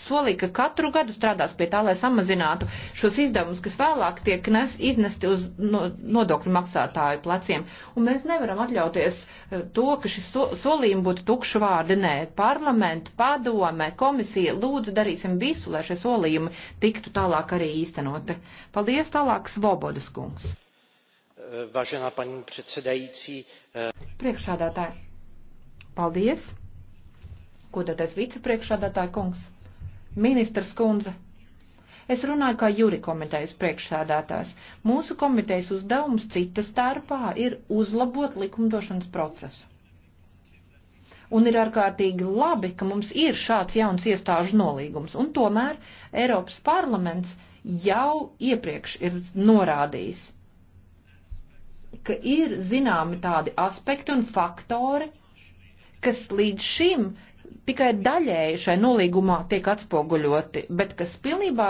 solīja, ka katru gadu strādā strādās pie tā, lai samazinātu šos izdevumus, kas vēlāk tiek nes, iznesti uz no, nodokļu maksātāju pleciem. Un mēs nevaram atļauties eh, to, ka šis so, solījumi būtu tukši vārdi. Nē, parlamenta, padome, komisija, lūdzu darīsim visu, lai šie solījumi tiktu tālāk arī īstenoti. Paldies tālāk, Svobodas kungs. Eh, vážená paní předsedající. Eh, Priekšādātāji. Paldies. Ko tad es vicepriekšādātāji kungs? Ministrs kundze. Es runāju kā juri komitejas priekšsēdētājs. Mūsu komitejas uzdevums cita starpā ir uzlabot likumdošanas procesu. Un ir ārkārtīgi labi, ka mums ir šāds jauns iestāžu nolīgums. Un tomēr Eiropas parlaments jau iepriekš ir norādījis, ka ir zināmi tādi aspekti un faktori, kas līdz šim tikai daļēji šai nolīgumā tiek atspoguļoti, bet kas pilnībā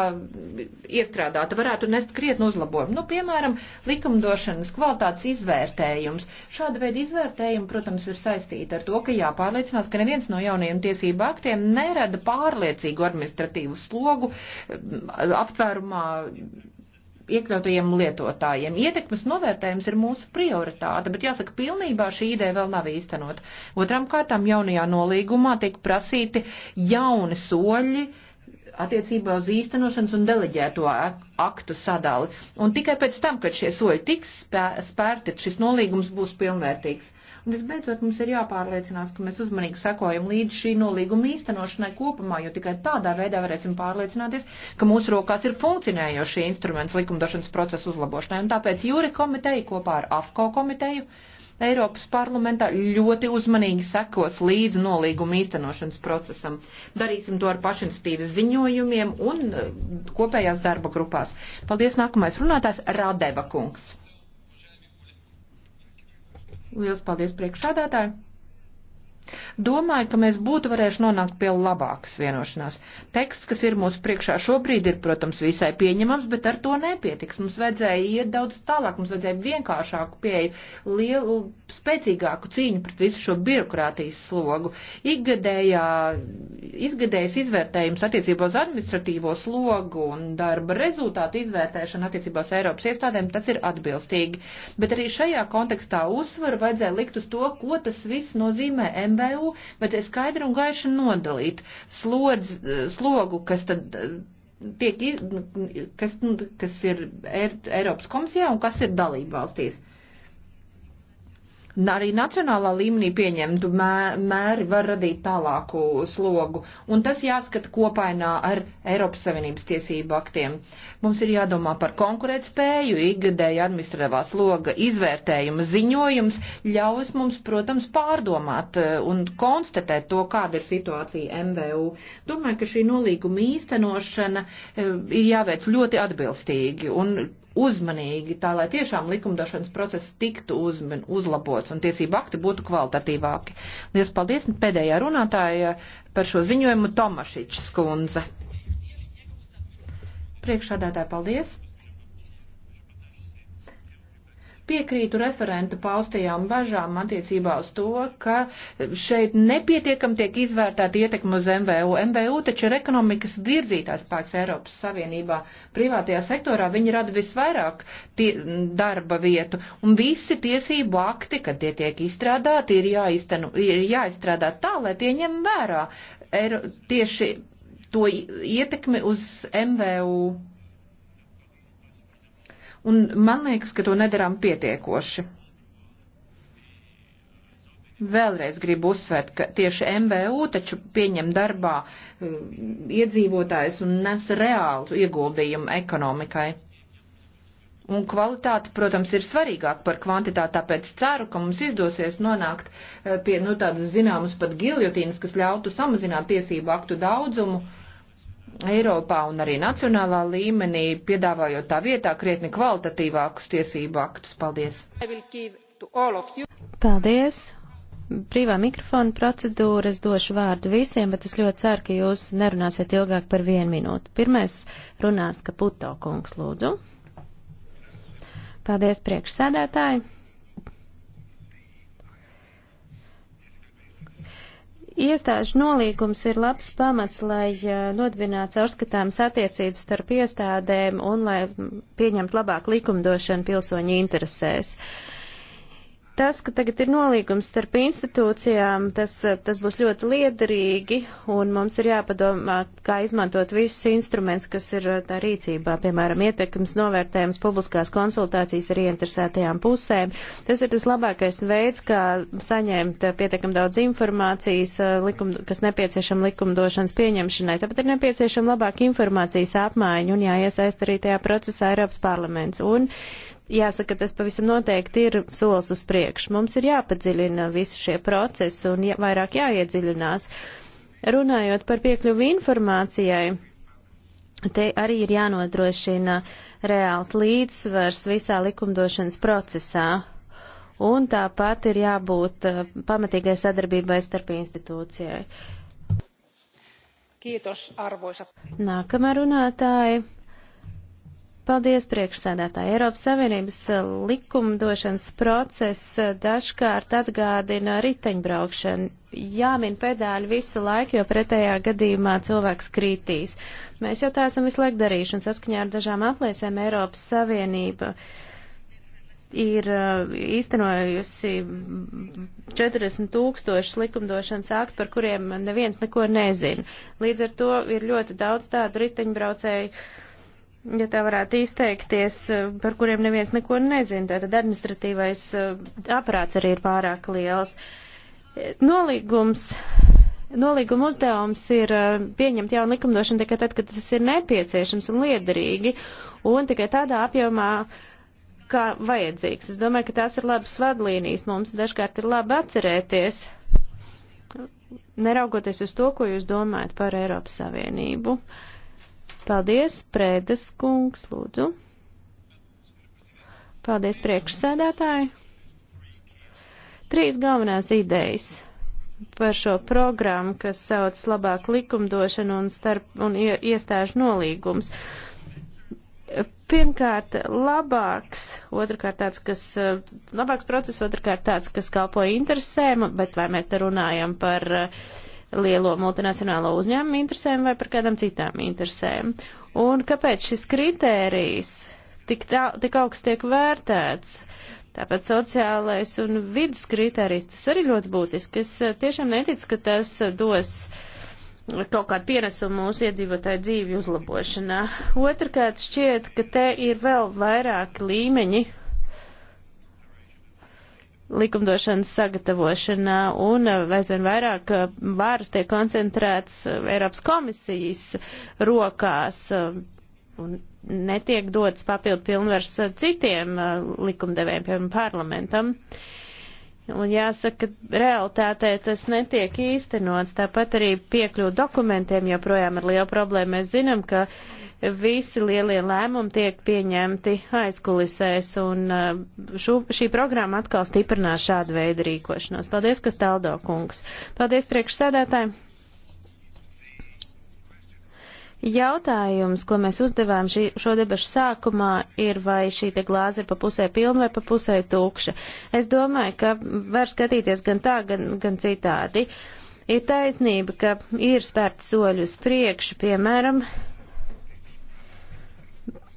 iestrādāta varētu nest krietnu uzlabojumu. Nu, piemēram, likumdošanas kvalitātes izvērtējums. Šāda veida izvērtējumi, protams, ir saistīta ar to, ka jāpārliecinās, ka neviens no jaunajiem tiesību aktiem nerada pārliecīgu administratīvu slogu aptvērumā iekļautajiem lietotājiem. Ietekmes novērtējums ir mūsu prioritāte, bet jāsaka, pilnībā šī ideja vēl nav īstenot. Otram kārtām jaunajā nolīgumā tiek prasīti jauni soļi attiecībā uz īstenošanas un deleģēto aktu sadali. Un tikai pēc tam, kad šie soļi tiks spērti, šis nolīgums būs pilnvērtīgs. Un visbeidzot, mums ir jāpārliecinās, ka mēs uzmanīgi sekojam līdz šī nolīguma īstenošanai kopumā, jo tikai tādā veidā varēsim pārliecināties, ka mūsu rokās ir funkcionējoši instruments likumdošanas procesu uzlabošanai. Un tāpēc jūri komiteja kopā ar AFKO komiteju Eiropas parlamentā ļoti uzmanīgi sekos līdz nolīguma īstenošanas procesam. Darīsim to ar pašinstīvas ziņojumiem un eh, kopējās darba grupās. Paldies, nākamais runātājs Radeva kungs. Lielas paldies priekšādātāji! Domāju, ka mēs būtu varējuši nonākt pie labākas vienošanās. Teksts, kas ir mūsu priekšā šobrīd, ir, protams, visai pieņemams, bet ar to nepietiks. Mums vajadzēja iet daudz tālāk, mums vajadzēja vienkāršāku pieeju, lielu, spēcīgāku cīņu pret visu šo birokrātijas slogu. Ikgadējā, izgadējas izvērtējums attiecībā uz administratīvo slogu un darba rezultātu izvērtēšanu attiecībā uz Eiropas iestādēm, tas ir atbilstīgi. Bet arī šajā kontekstā uzsvaru vajadzēja likt uz to, ko tas viss nozīmē MVU nav, bet ir skaidri un gaiši nodalīt slodz, slogu, kas tad eh, tiek, kas, kas ir Eiropas komisijā un kas ir dalība valstīs arī nacionālā līmenī pieņemtu mēri var radīt tālāku slogu, un tas jāskata kopainā ar Eiropas Savienības tiesību aktiem. Mums ir jādomā par konkurētspēju, ikgadēja administratīvā sloga izvērtējuma ziņojums ļaus mums, protams, pārdomāt e, un konstatēt to, kāda ir situācija MVU. Domāju, ka šī nolīguma īstenošana e, ir jāveic ļoti atbilstīgi, un uzmanīgi, tā lai tiešām likumdošanas process tiktu uzman, uzlabots un tiesību akti būtu kvalitatīvāki. Lies paldies pēdējā runātāja par šo ziņojumu Tomašičs kundze. Priekšādātāja, paldies! Piekrītu referenta paustajām bažām attiecībā uz to, ka šeit nepietiekam tiek izvērtēta ietekma uz MVU. MVU taču ir ekonomikas virzītājs spēks Eiropas Savienībā. Privātajā sektorā viņi rada visvairāk tie, darba vietu. Un visi tiesību akti, kad tie tiek izstrādāti, ir, jāiztenu, ir jāizstrādā tā, lai tie ņem vērā Eiro, tieši to ietekmi uz MVU un man liekas, ka to nedarām pietiekoši. Vēlreiz gribu uzsvērt, ka tieši MBU taču pieņem darbā uh, iedzīvotājs un nes reālu ieguldījumu ekonomikai. Un kvalitāte, protams, ir svarīgāk par kvantitāti, tāpēc ceru, ka mums izdosies nonākt uh, pie, nu, tādas zināmas pat giljotīnas, kas ļautu samazināt tiesību aktu daudzumu Eiropā un arī nacionālā līmenī, piedāvājot tā vietā krietni kvalitatīvākus tiesību aktus. Paldies! Paldies! Brīvā mikrofona procedūra, es došu vārdu visiem, bet es ļoti ceru, ka jūs nerunāsiet ilgāk par vienu minūtu. Pirmais runās Kaputo kungs, lūdzu. Paldies, priekšsēdētāji! Iestāžu nolīgums ir labs pamats, lai eh, nodvinātu caurskatāmas attiecības starp iestādēm un lai mm, pieņemtu labāk likumdošanu pilsoņu interesēs. Uh, Tas, ka tagad ir nolīgums starp institūcijām, tas, tas būs ļoti liederīgi, un mums ir jāpadomā, kā izmantot visus instrumentus, kas ir uh, tā rīcībā, piemēram, ietekmes novērtējums, publiskās konsultācijas ar ieinteresētajām pusēm. Tas ir tas labākais veids, kā saņemt uh, pietiekam daudz informācijas, uh, likum, kas nepieciešama likumdošanas pieņemšanai. Tāpat ir nepieciešama labāka informācijas apmaiņa un jāiesaist arī tajā procesā Eiropas parlaments. Un jāsaka, tas pavisam noteikti ir solis uz priekšu. Mums ir jāpadziļina visi šie procesi un jā, vairāk jāiedziļinās. Runājot par piekļuvi informācijai, te arī ir jānodrošina reāls līdzsvars visā likumdošanas procesā. Un tāpat ir jābūt eh, pamatīgai sadarbībai starp institūcijai. Kiitos, arvoisa. Nākamā runātāja. Paldies, priekšsēdētāji. Eiropas Savienības eh, likumdošanas process eh, dažkārt atgādina riteņbraukšanu. Jāmin pedāļi visu laiku, jo pretējā gadījumā cilvēks krītīs. Mēs jau tā esam visu laiku darījuši, un saskaņā ar dažām aplēsēm Eiropas Savienība ir eh, īstenojusi 40 tūkstošus likumdošanas aktu, par kuriem neviens neko nezina. Līdz ar to ir ļoti daudz tādu riteņbraucēju ja tā varētu izteikties, eh, par kuriem neviens neko nezina, tad administratīvais eh, aparāts arī ir pārāk liels. Nolīgums, nolīguma uzdevums ir eh, pieņemt jaunu likumdošanu tikai tad, kad tas ir nepieciešams un liederīgi, un tikai tādā apjomā, kā vajadzīgs. Es domāju, ka tās ir labas vadlīnijas. Mums dažkārt ir labi atcerēties, neraugoties uz to, ko jūs domājat par Eiropas Savienību. Uh, Paldies, Prēdas kungs, lūdzu. Paldies, priekšsēdētāji. Trīs galvenās idejas par šo programmu, kas sauc labāk likumdošanu un, starp, un iestāžu nolīgums. Pirmkārt, labāks, otrkārt tāds, kas, labāks process, otrkārt tāds, kas kalpo interesēm, bet vai mēs te runājam par uh, lielo multinacionālo uzņēmumu interesēm vai par kādām citām interesēm. Un kāpēc šis kritērijs tik, tā, tik augsts tiek vērtēts? Tāpat sociālais un vidas kritērijs, tas arī ļoti būtiski. Es eh, tiešām neticu, ka tas dos kaut kādu pienesumu mūsu iedzīvotāju dzīvi uzlabošanā. Otrakārt šķiet, ka te ir vēl vairāki līmeņi, likumdošanas sagatavošanā un uh, aizvien vairāk uh, vāras tiek koncentrēts uh, Eiropas komisijas rokās un netiek dots papildu pilnvars citiem likumdevējiem, piemēram, parlamentam. Un jāsaka, realitātē tas netiek īstenots, tāpat arī piekļūt dokumentiem joprojām ir liela problēma. Mēs zinām, ka uh, visi lielie lēmumi tiek pieņemti aizkulisēs, un uh, šu, šī programma atkal stiprinās šādu veidu rīkošanos. Paldies, kas taldo kungs. Paldies, priekšsēdētāji. Jautājums, ko mēs uzdevām šī, šo debašu sākumā, ir, vai šī te glāze ir pa pusē pilna vai pa pusē tūkša. Es domāju, ka var skatīties gan tā, gan, gan citādi. Ir taisnība, ka ir spērti soļi uz priekšu, piemēram,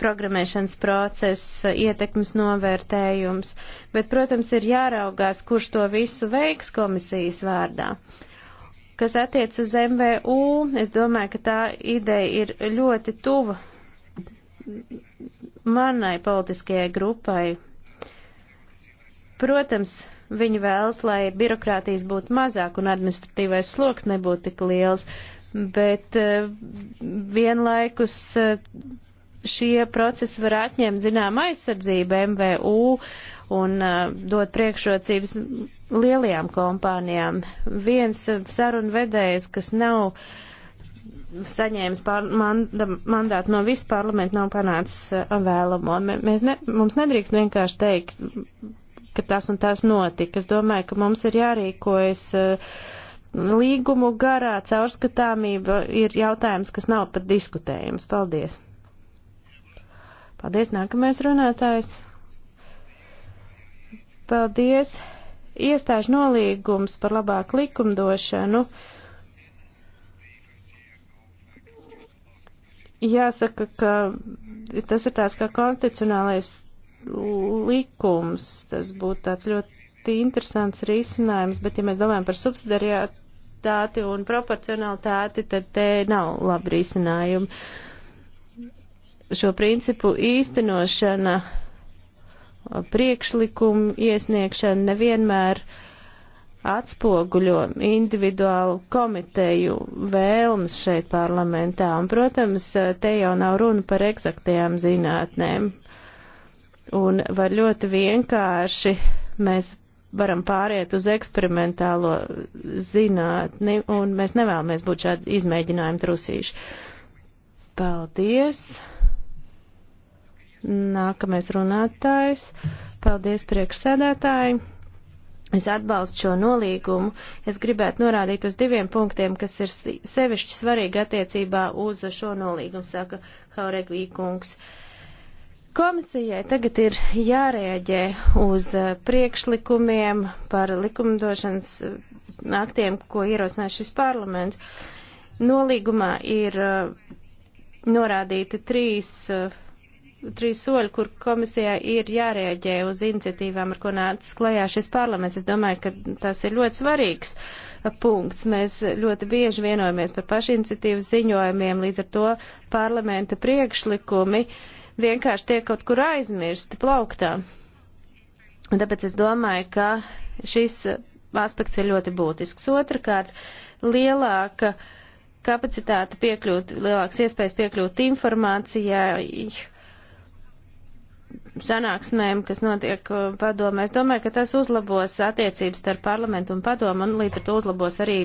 programmēšanas process, eh, ietekmes novērtējums, bet, protams, ir jāraugās, kurš to visu veiks komisijas vārdā. Kas attiec uz MVU, es domāju, ka tā ideja ir ļoti tuva manai politiskajai grupai. Protams, viņi vēlas, lai birokrātijas būtu mazāk un administratīvais sloks nebūtu tik liels, bet eh, vienlaikus eh, šie procesi var atņemt zinām aizsardzību MVU un uh, dot priekšrocības lielajām kompānijām. Viens sarunu vedējs, kas nav saņēmis pār, manda, mandātu no visu parlamentu, nav panācis uh, vēlamo. Mēs ne, mums nedrīkst vienkārši teikt, ka tas un tas notika. Es domāju, ka mums ir jārīkojas. Uh, Līgumu garā caurskatāmība ir jautājums, kas nav pat diskutējams. Paldies! Paldies, nākamais runātājs. Paldies. Iestāžu nolīgums par labāku likumdošanu. Jāsaka, ka tas ir tās kā konstitucionālais likums. Tas būtu tāds ļoti interesants risinājums, bet ja mēs domājam par subsidiaritāti un proporcionalitāti, tad te nav labi risinājumi. Uh, šo principu īstenošana, priekšlikumu iesniegšana nevienmēr atspoguļo individuālu komiteju vēlmes šeit parlamentā. Un, protams, te jau nav runa par eksaktajām zinātnēm. Un var ļoti vienkārši mēs varam pāriet uz eksperimentālo zinātni, un mēs nevēlamies būt šādi izmēģinājumi trusīši. Paldies! Nākamais runātājs. Paldies priekšsēdētāji. Es atbalstu šo nolīgumu. Es gribētu norādīt uz diviem punktiem, kas ir sevišķi svarīgi attiecībā uz šo nolīgumu, saka Hauregvīkungs. Komisijai tagad ir jārēģē uz eh, priekšlikumiem par likumdošanas eh, aktiem, ko ierosināja šis parlaments. Nolīgumā ir eh, norādīti trīs trīs soļi, kur komisijai ir jārēģē uz iniciatīvām, ar ko nācis klajā šis parlaments. Es domāju, ka tas ir ļoti svarīgs punkts. Mēs ļoti bieži vienojamies par pašiniciatīvas ziņojumiem, līdz ar to parlamenta priekšlikumi vienkārši tiek kaut kur aizmirsti plauktā. Un tāpēc es domāju, ka šis aspekts ir ļoti būtisks. Otrakārt, lielāka kapacitāte piekļūt, lielāks iespējas piekļūt informācijai sanāksmēm, kas notiek uh, padomē. Es domāju, ka tas uzlabos attiecības starp parlamentu un padomu un līdz ar to uzlabos arī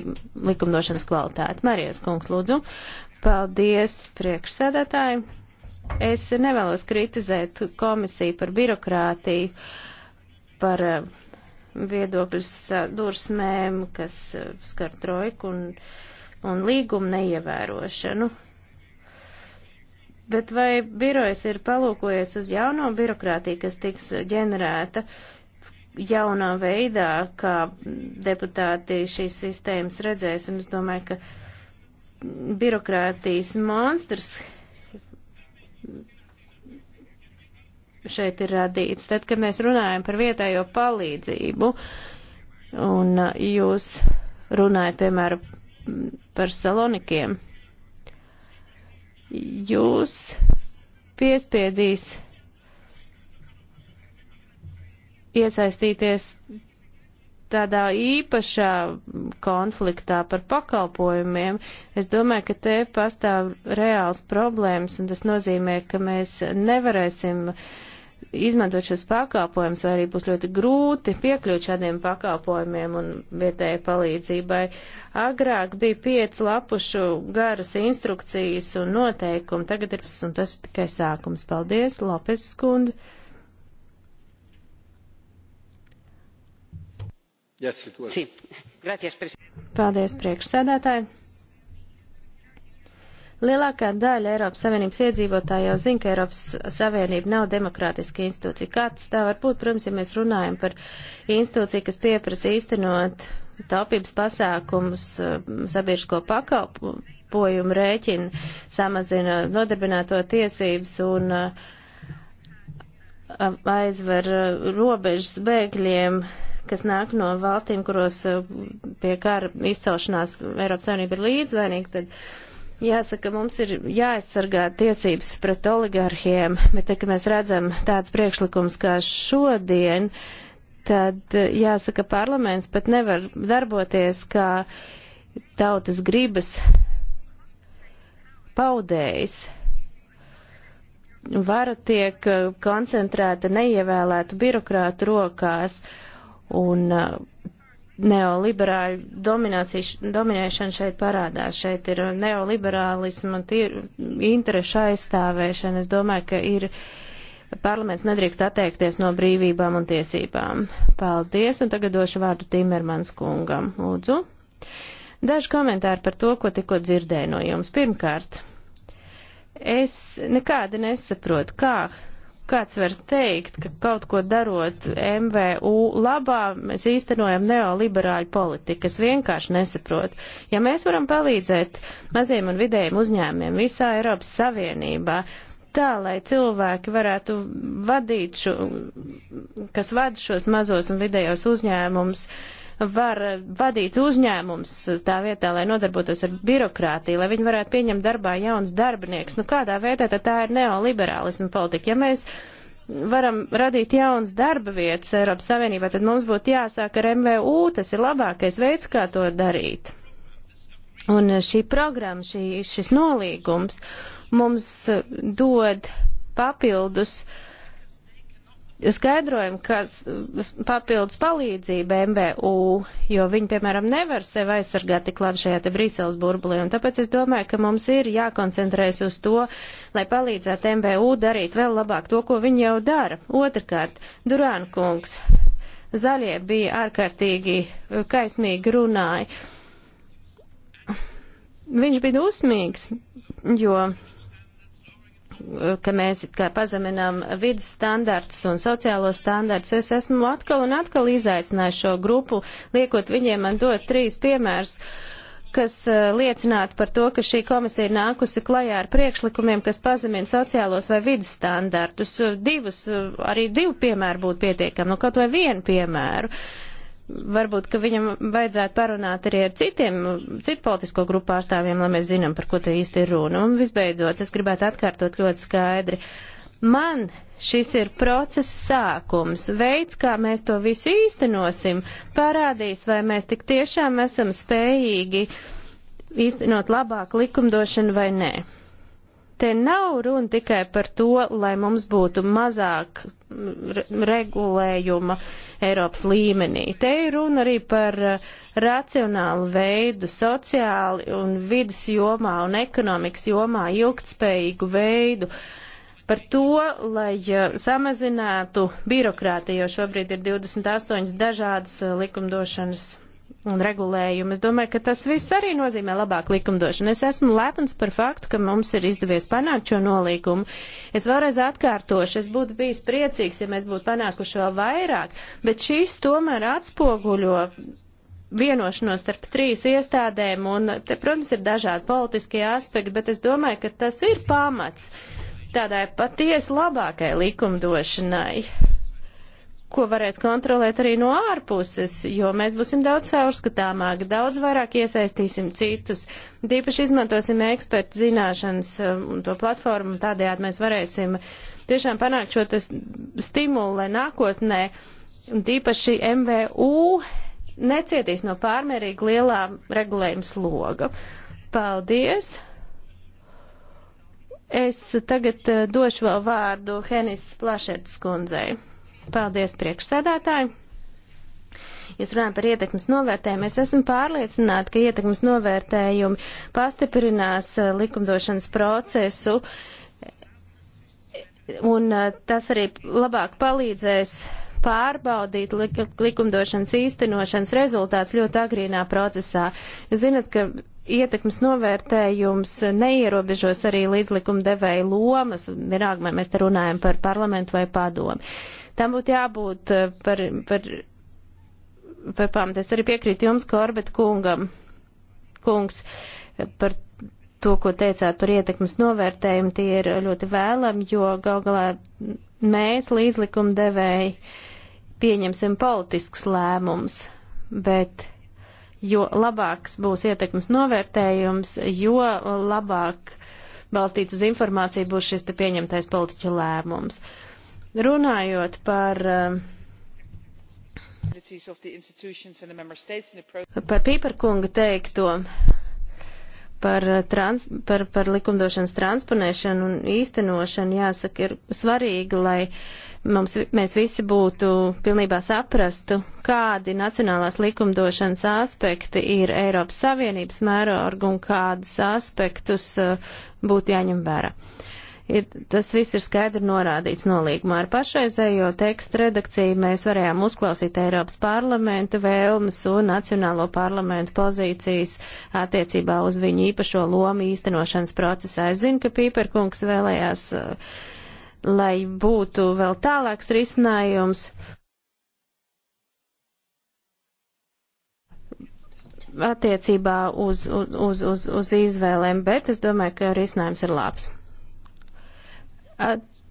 likumdošanas kvalitāti. Marijas kungs, lūdzu. Paldies, priekšsēdētāji. Es nevēlos kritizēt komisiju par birokrātiju, par uh, viedokļu sadursmēm, kas uh, skar trojku un, un līgumu neievērošanu. Bet vai birojas ir palūkojies uz jauno birokrātiju, kas tiks ģenerēta jaunā veidā, kā deputāti šīs sistēmas redzēs? Un es domāju, ka birokrātijas monstrs šeit ir radīts. Tad, kad mēs runājam par vietējo palīdzību, un jūs runājat, piemēram, par salonikiem jūs piespiedīs iesaistīties tādā īpašā konfliktā par pakalpojumiem. Es domāju, ka te pastāv reāls problēmas, un tas nozīmē, ka mēs nevarēsim uh, izmantot šos pakāpojumus, vai arī būs ļoti grūti piekļūt šādiem pakāpojumiem un vietējai palīdzībai. Agrāk bija piecu lapušu garas instrukcijas un noteikumi, tagad ir un tas ir tikai sākums. Paldies, Lopes skundze. Yes, sí. Paldies, priekšsēdētāji. Lielākā daļa Eiropas Savienības iedzīvotāji jau zina, ka Eiropas Savienība nav demokrātiska institūcija. Kā tas tā var būt? Protams, ja mēs runājam par institūciju, kas pieprasa īstenot taupības pasākumus, eh, sabiedrisko pakalpojumu rēķinu, samazina nodarbināto tiesības un eh, aizver eh, robežas bēgļiem, kas nāk no valstīm, kuros pie kara izcelšanās Eiropas Savienība ir līdzvainīga, tad Jāsaka, mums ir jāaizsargā tiesības pret oligarhiem, bet te, ka mēs redzam tāds priekšlikums kā šodien, tad eh, jāsaka, parlaments pat nevar darboties kā tautas gribas paudējs. Vara tiek eh, koncentrēta neievēlētu birokrātu rokās, un eh, neoliberāļu dominēšana šeit parādās. Šeit ir neoliberālisma, ir interešu aizstāvēšana. Es domāju, ka ir parlaments nedrīkst atteikties no brīvībām un tiesībām. Paldies, un tagad došu vārdu Timermans kungam. Lūdzu. Daži komentāri par to, ko tikko dzirdēju no jums. Pirmkārt, es nekādi nesaprotu, kā kāds var teikt, ka kaut ko darot MVU labā, mēs īstenojam neoliberāļu politiku. Es vienkārši nesaprotu. Ja mēs varam palīdzēt maziem un vidējiem uzņēmiem visā Eiropas Savienībā, tā, lai cilvēki varētu vadīt šo, kas vada šos mazos un vidējos uzņēmumus, uh, var vadīt uzņēmums tā vietā, lai nodarbotos ar birokrātiju, lai viņi varētu pieņemt darbā jauns darbinieks. Nu, kādā veidā tad tā ir neoliberālisma politika? Ja mēs varam radīt jauns darba vietas Eiropas Savienībā, tad mums būtu jāsāk ar MVU, tas ir labākais veids, kā to darīt. Un šī programma, šī, šis nolīgums mums dod papildus uh, skaidrojumu, kas papildus palīdzību MBU, jo viņi, piemēram, nevar sevi aizsargāt tik labi šajā te Brīseles burbulī. Un tāpēc es domāju, ka mums ir jākoncentrēs uz to, lai palīdzētu MBU darīt vēl labāk to, ko viņi jau dara. Otrakārt, Durāna kungs, zaļie bija ārkārtīgi uh, kaismīgi runāja. Viņš bija dusmīgs, jo ka mēs kā pazeminām vidas standartus un sociālo standartus. Es esmu atkal un atkal izaicinājis šo grupu, liekot viņiem man dot trīs piemērus kas eh, liecinātu par to, ka šī komisija ir nākusi klajā ar priekšlikumiem, kas pazemina sociālos vai vidas standartus. Divus, eh, arī divu piemēru būtu pietiekami, nu kaut vai vienu piemēru. Uh, varbūt, ka viņam vajadzētu parunāt arī ar citiem, citu politisko grupu pārstāvjiem, lai mēs zinām, par ko te īsti ir runa. Un visbeidzot, es gribētu atkārtot ļoti skaidri. Man šis ir procesa sākums, veids, kā mēs to visu īstenosim, parādīs, vai mēs tik tiešām esam spējīgi īstenot labāku likumdošanu vai nē te nav runa tikai par to, lai mums būtu mazāk regulējuma Eiropas līmenī. Te ir runa arī par eh, racionālu veidu, sociāli un vidas jomā un ekonomikas jomā ilgtspējīgu veidu. Par to, lai eh, samazinātu birokrātiju, jo šobrīd ir 28 dažādas eh, likumdošanas un regulējumu. Es domāju, ka tas viss arī nozīmē labāku likumdošanu. Es esmu lepns par faktu, ka mums ir izdevies panākt šo nolīgumu. Es vēlreiz atkārtošu, es būtu bijis priecīgs, ja mēs būtu panākuši vēl vairāk, bet šīs tomēr atspoguļo vienošanos starp trīs iestādēm, un te, protams, ir dažādi politiskie aspekti, bet es domāju, ka tas ir pamats tādai patiesi labākai likumdošanai ko varēs kontrolēt arī no ārpuses, jo mēs būsim daudz caurskatāmāki, daudz vairāk iesaistīsim citus, tīpaši izmantosim ekspertu zināšanas um, un to platformu, tādējādi mēs varēsim tiešām panākt šo stimulu, lai nākotnē, un tīpaši MVU necietīs no pārmērīgi lielā regulējuma sloga. Paldies! Es tagad uh, došu vēl vārdu Henis Plašerts kundzei. Paldies priekšsēdētāji! Ja runājam par ietekmes novērtējumu, es esmu pārliecināta, ka ietekmes novērtējumi pastiprinās eh, likumdošanas procesu, un eh, tas arī labāk palīdzēs pārbaudīt likumdošanas īstenošanas rezultāts ļoti agrīnā procesā. Zinat, ka ietekmes novērtējums neierobežos arī līdzlikuma devēja lomas, vienalga, vai mēs te runājam par parlamentu vai padomu. Tam būtu jābūt eh, par, par, par pamatu. Es arī piekrītu jums, Korbet kungam, kungs, par to, ko teicāt par ietekmes novērtējumu, tie ir ļoti vēlami, jo gal galā mēs līdzlikuma devēji pieņemsim politiskus lēmumus, bet jo labāks būs ietekmes novērtējums, jo labāk balstīts uz informāciju būs šis te pieņemtais politiķu lēmums. Uh, Runājot par eh, par Pīperkunga teikto, par, eh, trans, par, par likumdošanas transponēšanu un īstenošanu, jāsaka, ir svarīgi, lai mums, mēs visi būtu pilnībā saprastu, kādi nacionālās likumdošanas aspekti ir Eiropas Savienības mērogu un kādus aspektus eh, būtu jāņem vērā. Uh, ir, tas viss ir skaidri norādīts nolīgumā. Ar pašreizējo tekstu redakciju mēs varējām uzklausīt Eiropas parlamenta vēlmes un Nacionālo parlamentu pozīcijas attiecībā uz viņu īpašo lomu īstenošanas procesā. Es zinu, ka Pīperkungs vēlējās, eh, lai būtu vēl tālāks risinājums. attiecībā uz, uz, uz, uz izvēlēm, bet es domāju, ka risinājums ir labs.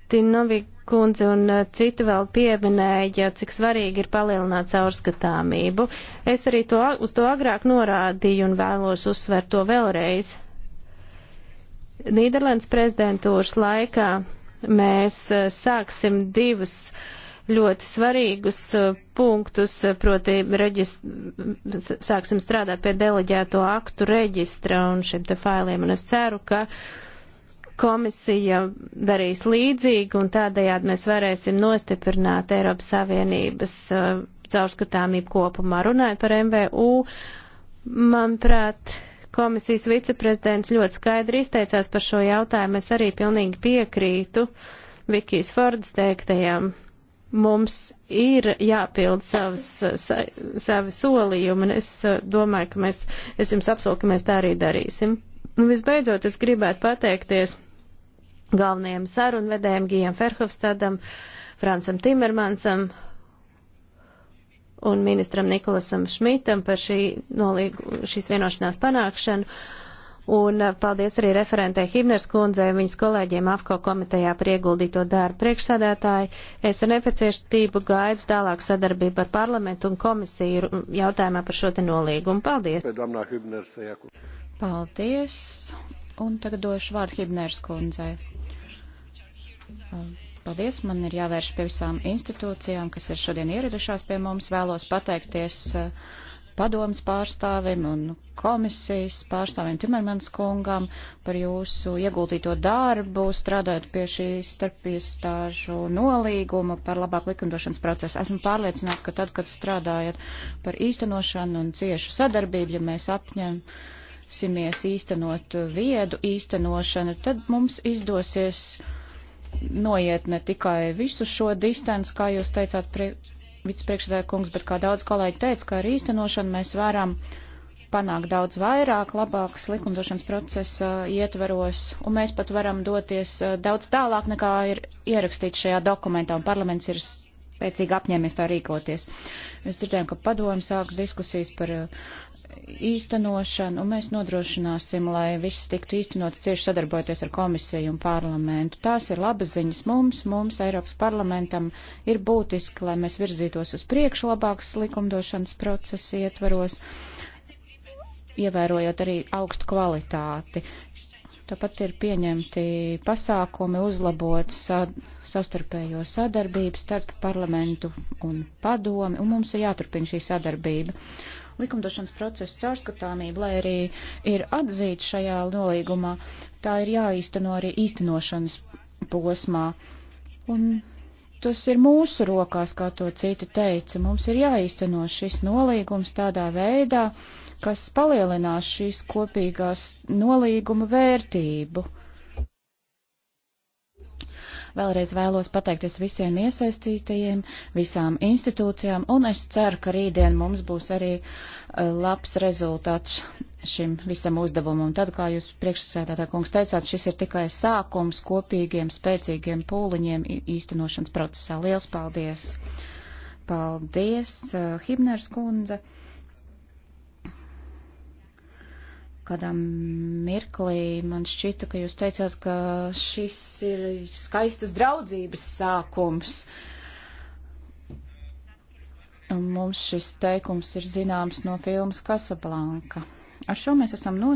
Tinovi kundze un eh, citi vēl pieminēja, cik svarīgi ir palielināt caurskatāmību. Es arī to, uz to agrāk norādīju un vēlos uzsvērt to vēlreiz. Nīderlandes prezidentūras laikā mēs eh, sāksim divus ļoti svarīgus eh, punktus, proti reģist... sāksim strādāt pie deleģēto aktu reģistra un šiem te failiem, un es ceru, ka uh, komisija darīs līdzīgi, un tādējādi mēs varēsim nostiprināt Eiropas Savienības uh, caurskatāmību kopumā. Runājot par MVU, manuprāt, komisijas viceprezidents ļoti skaidri izteicās par šo jautājumu. Es arī pilnīgi piekrītu Vikijas Fordas teiktajam. Mums ir jāpild savas, sa, savi solījumi, un es uh, domāju, ka mēs, es jums apsolu, ka mēs tā arī darīsim. Un nu, visbeidzot, es gribētu pateikties galvenajiem sarunvedējiem Gijam Ferhofstadam, Francam Timermansam un ministram Nikolasam Šmitam par šī nolīgu, šīs vienošanās panākšanu. Un uh, paldies arī referentē Himners kundzei un viņas kolēģiem AFKO komitejā par ieguldīto darbu priekšsādātāji. Es ar nepiecietību gaidu tālāk sadarbību ar parlamentu un komisiju jautājumā par šo te nolīgumu. Paldies! Paldies. Un tagad došu vārdu Hibnērs kundzei. Paldies, man ir jāvērš pie visām institūcijām, kas ir šodien ieradušās pie mums. Vēlos pateikties eh, padomas pārstāvim un komisijas pārstāvim Timermans kungam par jūsu ieguldīto darbu, strādājot pie šīs starpiestāžu nolīguma par labāku likumdošanas procesu. Esmu pārliecināta, ka tad, kad strādājat par īstenošanu un ciešu sadarbību, ja mēs apņem simies īstenot viedu īstenošanu, tad mums izdosies noiet ne tikai visu šo distanci, kā jūs teicāt, prie, vicepriekšsēdētāja kungs, bet kā daudz kolēģi teica, ka ar īstenošanu mēs varam panākt daudz vairāk, labākas likumdošanas procesa ietveros, un mēs pat varam doties eh, daudz tālāk, nekā ir ierakstīts šajā dokumentā, un parlaments ir spēcīgi apņēmies tā rīkoties. Mēs dzirdējām, ka padomu sāks diskusijas par eh, īstenošanu, un mēs nodrošināsim, lai viss tiktu īstenots cieši sadarbojoties ar komisiju un parlamentu. Tās ir labas ziņas mums, mums, Eiropas parlamentam, ir būtiski, lai mēs virzītos uz priekšu labākas likumdošanas procesa ietvaros, ievērojot arī augstu kvalitāti. Tāpat ir pieņemti pasākumi uzlabot sad, savstarpējo sadarbību starp parlamentu un padomi, un mums ir jāturpina šī sadarbība likumdošanas procesa caurskatāmība, lai arī ir atzīta šajā nolīgumā, tā ir jāīsteno arī īstenošanas posmā. Un tas ir mūsu rokās, kā to citi teica. Mums ir jāīsteno šis nolīgums tādā veidā, kas palielinās šīs kopīgās nolīguma vērtību. Vēlreiz vēlos pateikties visiem iesaistītajiem, visām institūcijām, un es ceru, ka rītdien mums būs arī eh, labs rezultāts šim visam uzdevumam. Tad, kā jūs priekšsēdētā kungs teicāt, šis ir tikai sākums kopīgiem spēcīgiem pūliņiem īstenošanas procesā. Liels paldies! Paldies, eh, Himners kundze! kādā mirklī man šķita, ka jūs teicāt, ka šis ir skaistas draudzības sākums. Un mums šis teikums ir zināms no filmas Kasablanka. Ar šo mēs esam noslēguši.